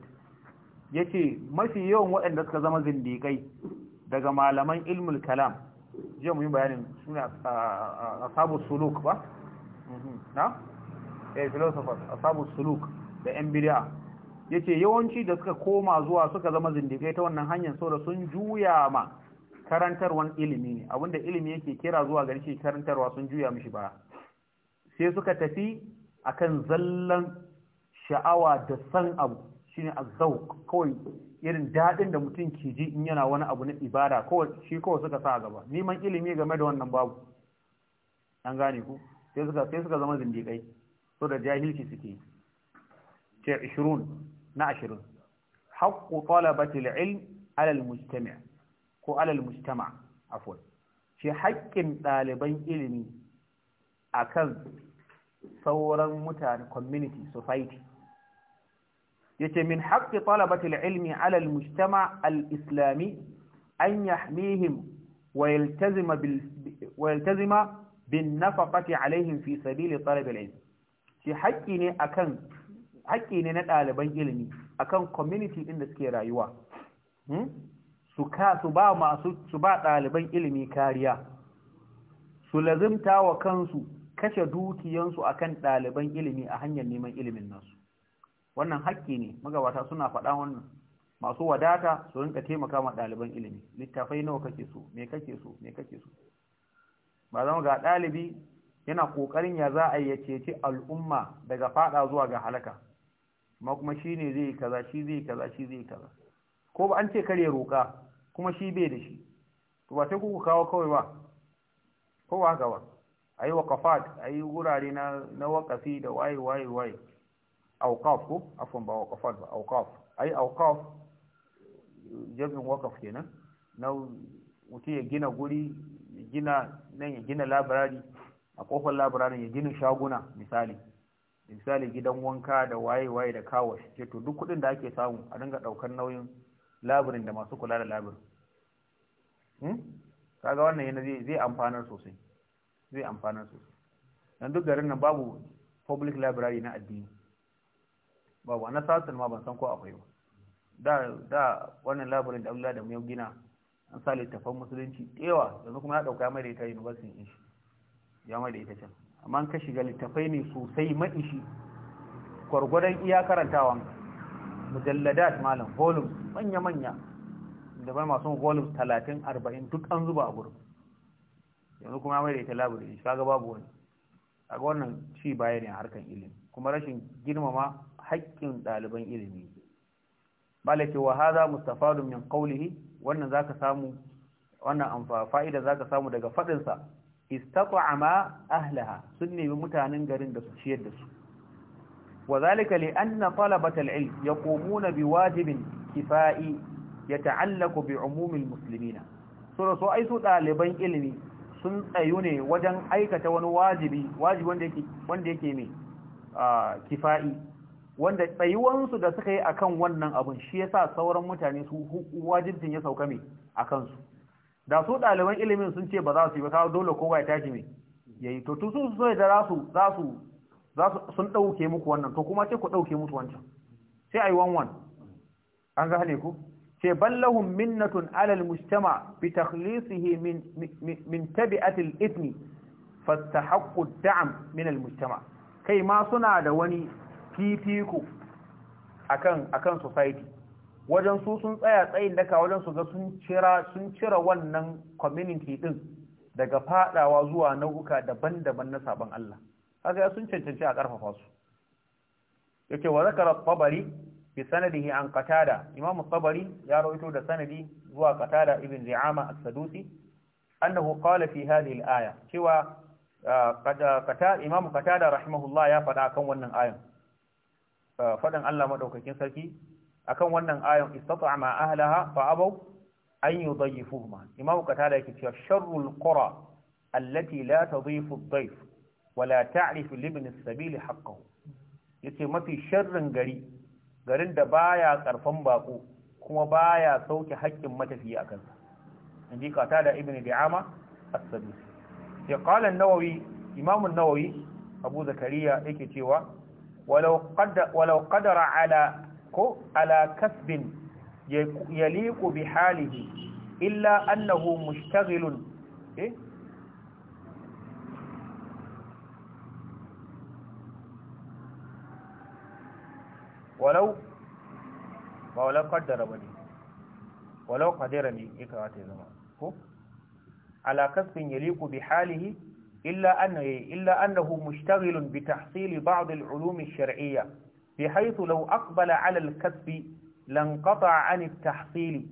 yace mafi yawan waɗanda suka zama zindikai daga malaman ilmul kalam jiya mu yi bayanin suna sabu suluk ba mhm, na A eh, philosophers suluk da yan Ya yace yawanci da suka koma zuwa suka zama zindikai ta wannan hanyar saboda sun juya ma karantarwan ilimi ne abinda ilimi yake kira zuwa gani shi karantarwa sun juya mishi ba sai suka tafi akan zallan sha'awa da san abu shine azzauq kawai irin dadin da mutum ke ji in yana wani abu na ibada kawai shi kawai suka sa gaba neman ilimi game da wannan babu an gane ku sai suka sai suka zama zindiƙai so da jahilci suke ce 20 na 20 haqqu talabati al-ilm ala al ko ala al-mujtama' afwan shi haƙƙin ɗaliban ilimi akan sauran mutane community society yace min haqqi talabati al-ilmi ala al-mujtama' al-islami an yahmihim wa yaltazima bil wa yaltazima bin nafaqati alaihim fi sabili talab al-ilm shi ne akan ne na ɗaliban ilimi akan community din da suke rayuwa hmm? su ka su ba masu su ba ɗaliban ilimi kariya su lazimta wa kansu kashe dukiyansu akan ɗaliban ilimi a hanyar neman ilimin nasu wannan hakki ne magabata suna faɗa wannan masu wadata su rinka taimaka ma ɗaliban ilimi littafai nawa kake so me kake so me kake so ba zama ga ɗalibi yana ƙoƙarin ya za a yi ya ceci al'umma daga faɗa zuwa ga halaka amma kuma shi ne zai kaza shi zai kaza shi zai kaza ko ba an ce kare roƙa kuma shi bai da shi to ba sai ku kawo kawai ba ko ba haka ba a yi waƙafat a yi wurare na waƙafi da waye waye waye awqaf ko afwan ba waqafat ba awqaf ai awqaf jami'in waqaf kenan na wuce ya gina guri ya gina nan ya gina labirari a kofar labirarin ya gina shaguna misali misali gidan wanka da waye-waye da kawash ce to duk kudin da ake samu a dinga daukar nauyin labirin da masu kula da labirin hmm? kaga wannan yana zai amfanar sosai zai amfanar sosai dan duk garin nan babu public library na addini ba na satin ma ban san ko akwai ba da da wannan labarin da Allah da mu gina an sa littafan musulunci ewa yanzu kuma ya dauka ya mai da ita university din shi ya mai da ita can amma an ka shiga littafai ne sosai maishi gwargwadon iya karantawan mujalladat malam volumes manya manya da bai masu volumes 30 40 duk an zuba a gurin yanzu kuma ya mai da ita labarin shi kaga babu wani kaga wannan shi baya ne a harkan ilimi kuma rashin girmama haƙƙin ɗaliban ilimi malaki wa haza mustafadun min qawlihi wannan zaka samu wannan amfa fa'ida zaka samu daga fadin sa istaqama ahlaha sun nemi mutanen garin da su ciyar da su وذلك لأن طلبة العلم يقومون bi كفائي يتعلق بعموم sura so ai su ɗaliban ilimi sun tsayu ne wajen aikata wani wajibi wajibi wanda yake mai kifa'i wanda tsayuwansu da suka yi akan wannan abin shi yasa sauran mutane su wajibcin ya sauka mai a kansu da su ɗaliban ilimin sun ce ba za su yi ba kawo dole kowa ya tashi mai yayi to tun sun so da za su sun ɗauke muku wannan to kuma ce ku ɗauke musu wancan sai yi wan wan an gane ku ce ballahum minnatun alal mujtama bi takhlisihi min tabi'atil ithmi fastahaqqu ad-da'm min al-mujtama kai ma suna da wani fifiko akan akan society wajen su sun tsaya tsayin daka wajen su ga sun cira wannan community din daga fadawa zuwa nau'uka daban-daban na sabon Allah ya sun cancanci a karfafa su yake wa zakara tabari bi sanadihi an qatada imam tabari ya rawaito da sanadi zuwa qatada ibn ri'ama as-sadusi annahu qala fi hadhihi al-aya cewa ah, qatada imam qatada rahimahullah ya fada kan wannan ayan faɗin Allah maɗaukakin sarki akan wannan ayon istata'ama ahlaha fa abaw an yudayyifuhuma imamu qatada yake cewa sharrul qura allati la tadhifu ad-dayf wa la ta'rifu li as-sabil haqqahu yace mafi sharrin gari garin da baya karfan bako kuma baya sauke haƙƙin matafiyi a kansa. inji qatada ibn di'ama as-sabil ya qala an-nawawi imamu an-nawawi abu zakariya yake cewa walau qadara ala ko ala kasbin yaliqu bi halihi illa annahu mushtaghilun إلا, أن إلا أنه مشتغل بتحصيل بعض العلوم الشرعية بحيث لو أقبل على الكسب لانقطع عن التحصيل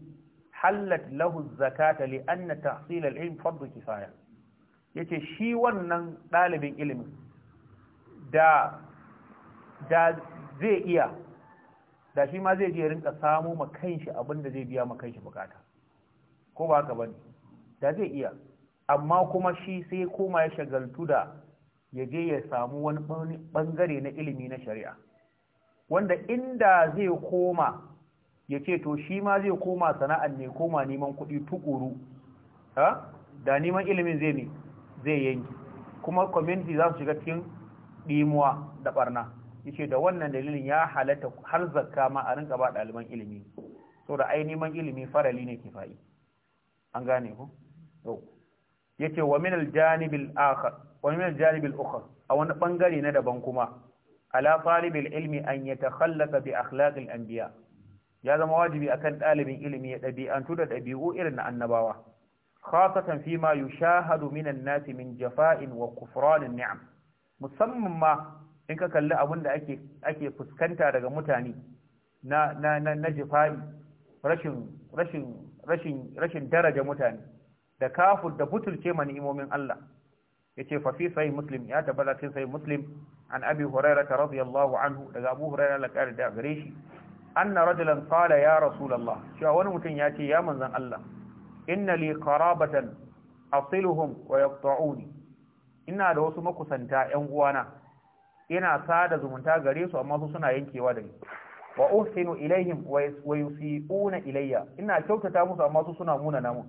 حلت له الزكاة لأن تحصيل العلم فرض كفاية yace shi wannan ɗalibin ilimin da da zai iya da shi ma zai je rinka samu makanshi abinda zai biya makanshi bukata ko ba ka bane da zai iya amma kuma shi sai koma ya shagaltu da ya je ya samu wani bangare na ilimi na shari'a wanda inda zai koma ya ce to shi ma zai koma sana'ar ne koma neman kuɗi tukuru da neman ilimin zai ne zai yanki kuma community za su shiga cikin ɗimuwa da ɓarna ya ce da wannan dalilin ya halatta har zakka ma a rinka ba ɗaliban ilimi so da ai neman ilimi farali ne ke kifayi an gane ku? yau yace wa min aljanibil akhar wa ukhra a wani bangare na daban kuma ala talibil ilmi an yatakhallaqa bi akhlaqil anbiya ya zama wajibi akan dalibin ilimi ya dabi'antu da dabi'u irin na annabawa khasatan fi ma yushahadu minan nas min jafa'in wa kufranin ni'am musamman ma in ka kalli abin da ake ake fuskanta daga mutane na na na, na jifa'i rashin rashin rashin rashin daraja mutane da kafur da butulce ma ni'imomin Allah yace fa fi sahih muslim ya tabbata cikin sahih muslim an abi hurairah radiyallahu anhu daga abu hurairah la kare da gare shi anna rajulan qala ya rasulullah cewa wani mutum ya ce ya manzon Allah inna li qarabatan asiluhum wa yaqta'uni ina da wasu makusanta ƴan uwana ina sada zumunta gare su amma su suna yankewa da ni wa uhsinu ilaihim wa yusiuna ilayya ina kyautata musu amma su suna muna namu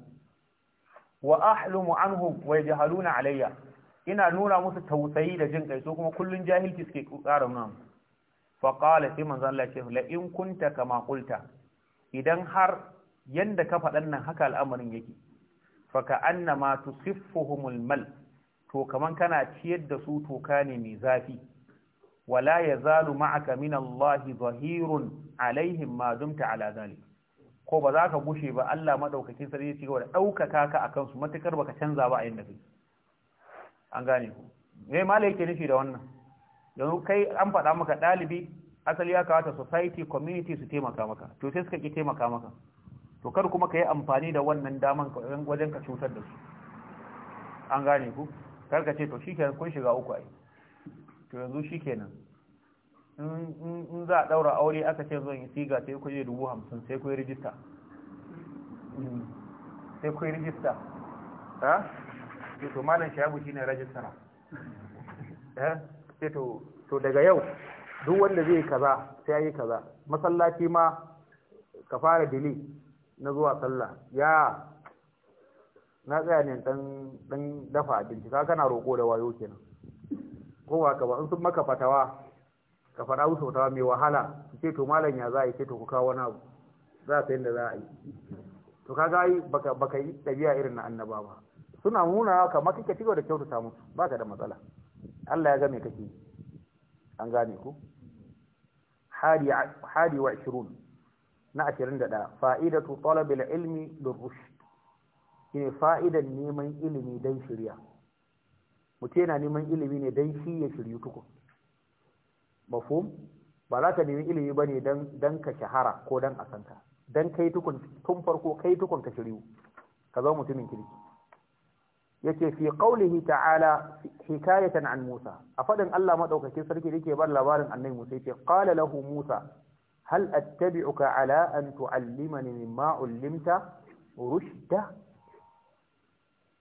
wa ahlumu anhum wa yajhaluna alayya ina nuna musu tausayi da jin kai so kuma kullun jahilci suke ƙara nuna fa qala sai manzo Allah ce la in kunta kama qulta idan har yanda ka faɗan nan haka al'amarin yake fa ka annama tusiffuhumul mal to kaman kana ciyar da su toka ne mai zafi wala yazalu ma'aka min Allah zahirun alaihim ma dumta ala zalik ko ba za ka gushe ba Allah madaukakin sarki ci gaba da daukaka ka akan su matakar baka canza ba a yin kake an gane ku me malai yake nufi da wannan yanzu kai an faɗa maka ɗalibi asali ya kawata society community su taimaka maka to sai suka ki taimaka maka to kar kuma ka yi amfani da wannan daman wajen ka cutar da su an gane ku kar ka ce to shikenan kun shiga uku ai to yanzu shikenan in za a daura aure aka ce zo in siga sai ku je dubu hamsin sai ku yi rijista hmm. sai ku yi rijista ha? sai to malam shabu shi ne rajistara eh? sai to daga yau duk wanda zai kaza sai ya yi kaza masallaci ma ka fara dili na zuwa sallah ya na tsaya ne dan dafa abinci ka kana roƙo da wayo kenan ko ba ka ba in sun maka fatawa ka faɗa musu wata mai wahala su ce to malam ya za a yi ce to ku kawo wani abu za a sayin da za a yi to ka ga baka baka yi ɗabi'a irin na annaba ba suna nuna kamar kake cigaba da kyautata musu ba ka da matsala Allah ya ga me kake an gane ku hadi wa ashirun na ashirin da ɗaya, fa'idatu talab al-ilmi lirrushd shine fa'idan neman ilimi don shirya mutum yana neman ilimi ne don shi ya shiryu tukun mafhum ba za ka nemi ilimi ba ne dan ka shahara ko dan a kai tukun tun farko kai tukun ka shiriyu ka zama mutumin kirki yace fi qawlihi ta'ala hikayatan an Musa a fadin Allah madaukakin sarki yake bar labarin annabi Musa yace qala lahu Musa hal attabi'uka ala an tu'allimani mimma ullimta rushda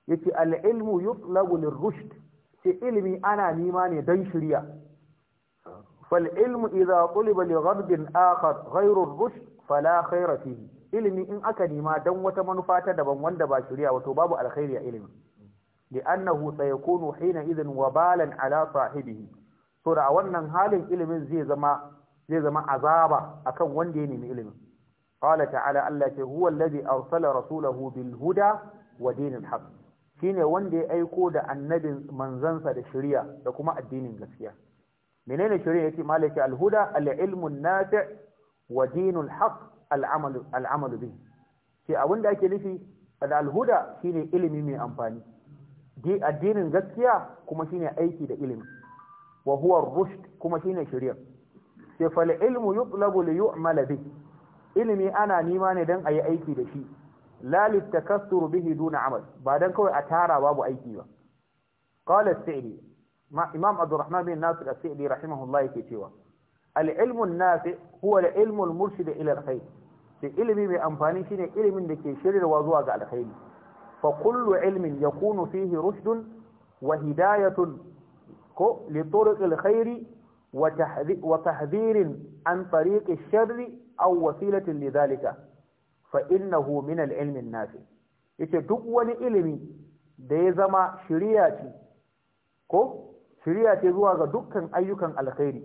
yace al-ilmu yutlabu lir sai ilimi ana nima ne dan shiriya فالعلم إذا طلب لغرض آخر غير الرشد فلا خير فيه ilimi in aka nema dan wata manufa ta daban wanda ba shari'a wato babu alkhairi a ilimi li'annahu sayakunu hina idhin wabalan ala sahibihi so da a wannan halin ilimin zai zama zai zama azaba akan wanda ya nemi ilimin qala ta'ala Allah ce huwa alladhi arsala rasulahu bil huda wa dinil haqq shine wanda ya aiko da annabin manzansa da shari'a da kuma addinin gaskiya menene shari'a yake malaki alhuda alilmun ilmun nafi' wa dinul haqq al'amalu amal al-amal da ake nufi da alhuda shine ilimi mai amfani di addinin gaskiya kuma shine aiki da ilimi wa huwa rushd kuma shine shari'a sai fal ilmu yutlabu li yu'mala bi ilimi ana nima ne dan ayi aiki da shi la litakassur bihi duna amal ba dan kawai a tara babu aiki ba qala as imam abdurrahman bin nasir as-sa'di rahimahullah yake cewa al-ilmu an-nafi huwa al-ilmu al-murshid ila al-khair sai ilimi mai amfani shine ilimin da ke shiryarwa zuwa ga alkhairi fa kullu ilmin yakunu fihi rushdun wa hidayatun ko li turuq alkhairi wa tahdhirin an tariq ash-sharri aw wasilatin fa innahu min al-ilm an-nafi yace duk wani ilimi da ya zama shiriya ce ko shirya ce zuwa ga dukkan ayyukan alkhairi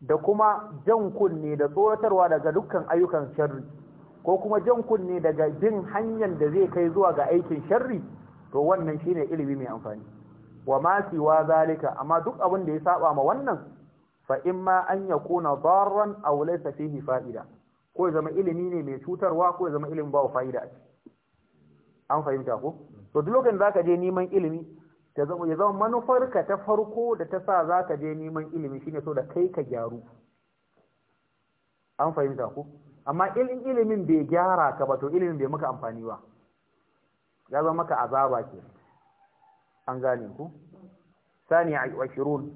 da kuma jan kunne da tsoratarwa daga dukkan ayyukan sharri ko kuma jan kunne daga bin hanyar da zai kai zuwa ga aikin sharri to wannan shine ilimi mai amfani wa ma siwa zalika amma duk abin da ya saba ma wannan fa ma an yakuna darran aw laysa fihi fa'ida ko zama ilimi ne mai cutarwa ko zama ilimin ba fa'ida an fahimta ko to duk lokacin zaka je neman ilimi ya zama manufarka ta farko da ta sa za ka je neman ilimi shine so da kai ka gyaru an fahimta ku amma ilimin bai gyara ka ba to ilimin bai maka amfani ba ya zama maka azaba ke an gane ku sani a ashirun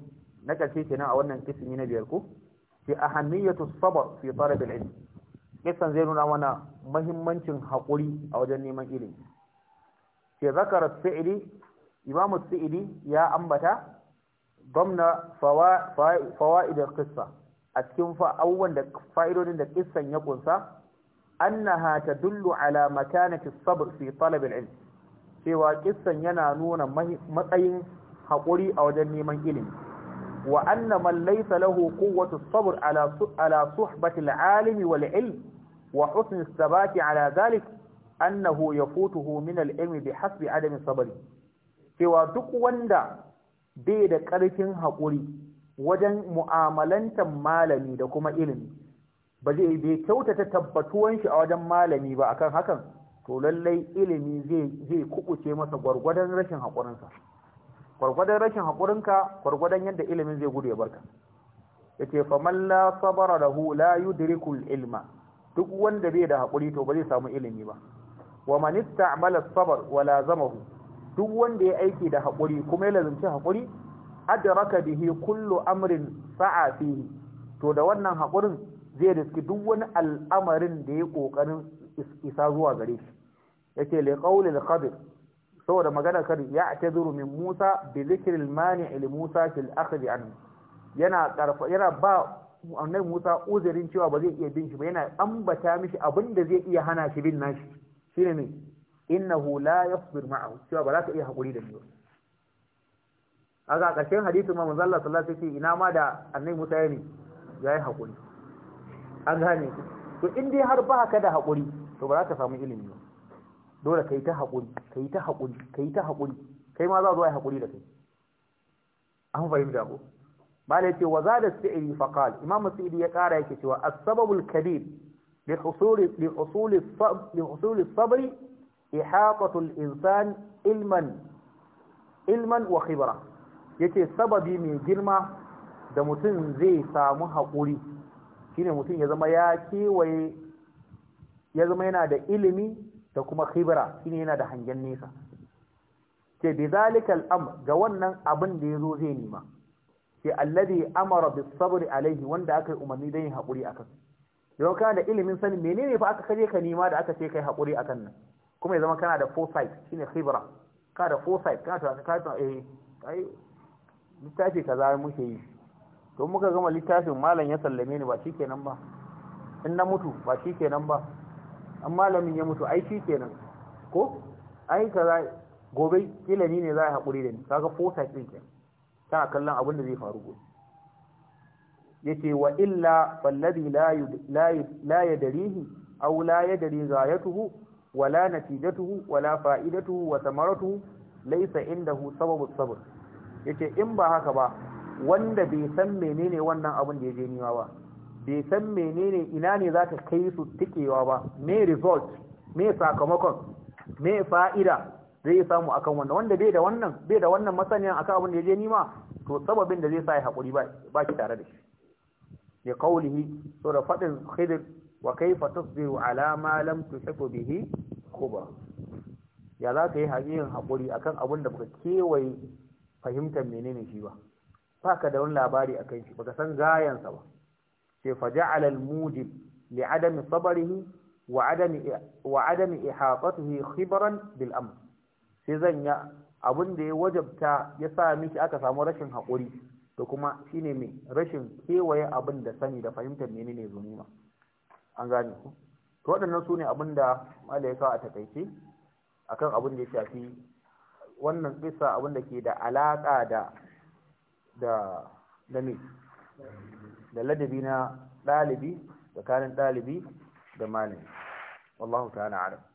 na ƙarshe kenan a wannan kisimi na biyar ku fi ahammiyatu sabar fi talab al-ilm kisan zai nuna mana muhimmancin haƙuri a wajen neman ilimi ke zakara fi'li imamu su'idi ya ambata gwamna fawa'idar kissa a cikin fa'awwan da fa'idodin da kissan ya kunsa annaha tadullu ala makanati sabr fi talab al-ilm cewa kissan yana nuna matsayin haƙuri a wajen neman ilimi wa anna man laysa lahu quwwatu sabr ala ala suhbati al-alimi wal ilm wa husn as-sabati ala dhalik annahu yafutuhu min al-ilmi bihasbi adami sabri cewa duk wanda bai da ƙarfin haƙuri wajen mu'amalantar malami da kuma ilimi ba zai bai kyautata tabbatuwan shi a wajen malami ba akan hakan to lallai ilimi zai kukuce masa gwargwadon rashin haƙurinsa gwargwadon rashin haƙurinka gwargwadon yadda ilimin zai gudu ya barka Ya ce la sabara lahu la yudrikul ilma duk wanda bai da haƙuri to ba zai samu ilimi ba wa man ista'mala sabr wa lazamahu duk wanda ya aiki da haƙuri kuma ya lazumci haƙuri adraka bihi kullu amrin sa'a fihi to da wannan haƙurin zai riski duk wani al'amarin da ya ƙoƙarin isa zuwa gare shi yake li qawlil khadir saboda magana kar ya ta'tazuru min Musa bi mani' li Musa fil akhdhi an yana karfa yana ba annabi Musa uzurin cewa ba zai iya bin shi ba yana ambata mishi abinda zai iya hana shi bin nashi shine ne innahu la yasbir ma'ahu cewa ba za ka iya hakuri da shi A haka ƙarshen hadisin ma manzo Allah sallallahu alaihi wasallam ina ma da annabi Musa ya ne yayi hakuri an gane to in dai har ba ka da hakuri to ba za ka samu ilimi ba dole kai ta hakuri kai ta hakuri kai ta hakuri kai ma za zo yi hakuri da kai an fahimta ko bale ce wa zada sa'iri qal imam sa'idi ya kara yake cewa as-sababul kabir li husuli li husuli li husuli sabri ihatatul insan ilman ilman wa khibra yace sababi mai girma da mutum zai samu haƙuri shine mutum ya zama ya kewaye ya zama yana da ilimi da kuma khibra shine yana da hangen nesa ce bizalikal zalikal ga wannan abin da yazo zai nima ce allade amara bis sabri alaihi wanda aka umarni da yin haƙuri akan yau kana da ilimin sanin menene fa aka kaje ka nima da aka ce kai haƙuri akan nan kuma ya zama kana da foresight shine khibra kana da foresight kana tunanin ka tunanin eh ai littafi kaza muke yi to muka gama littafin malam ya sallame ni ba shikenan ba in na mutu ba shikenan ba an malamin ya mutu ai shikenan ko ai kaza gobe kila ni ne za a haƙuri da ni kaga foresight din kenan kana kallon abin da zai faru gobe yace wa illa falladhi la la yadrihi aw la yadri ghayatuhu wala نتيجته wala فائدته وثمرته ليس عنده سبب sababu sabr yace in ba haka ba wanda bai san menene wannan abin da yaje niwa ba bai san menene ina ne zaka kai su tikewa ba me result me sakamakon me fa'ida zai samu akan wannan wanda bai da wannan bai da wannan masaniyan akan abin da yaje nima to sababin da zai sa ya hakuri ba ba ki tare da shi ya qawlihi so da fadin khidr wa fa tasbiru ala ma lam tuhitu bihi khubar ya za ka yi haƙiƙin haƙuri akan abin da baka kewaye fahimtar menene shi ba baka da wani labari akan shi baka san gayansa ba sai faja'ala al-mujib li adami sabrihi wa adami wa khibran bil amr sai zanya abin da ya wajabta ya sa miki aka samu rashin haƙuri da kuma shine mai rashin kewaye abin da sani da fahimtar menene zunuma an gane ku to waɗannan su ne abin da malaika a takaice akan abin da ya shafi wannan ƙisa abin da ke da alaƙa da da da ladabi na ɗalibi tsakanin ɗalibi da malami wallahu ta'ala alam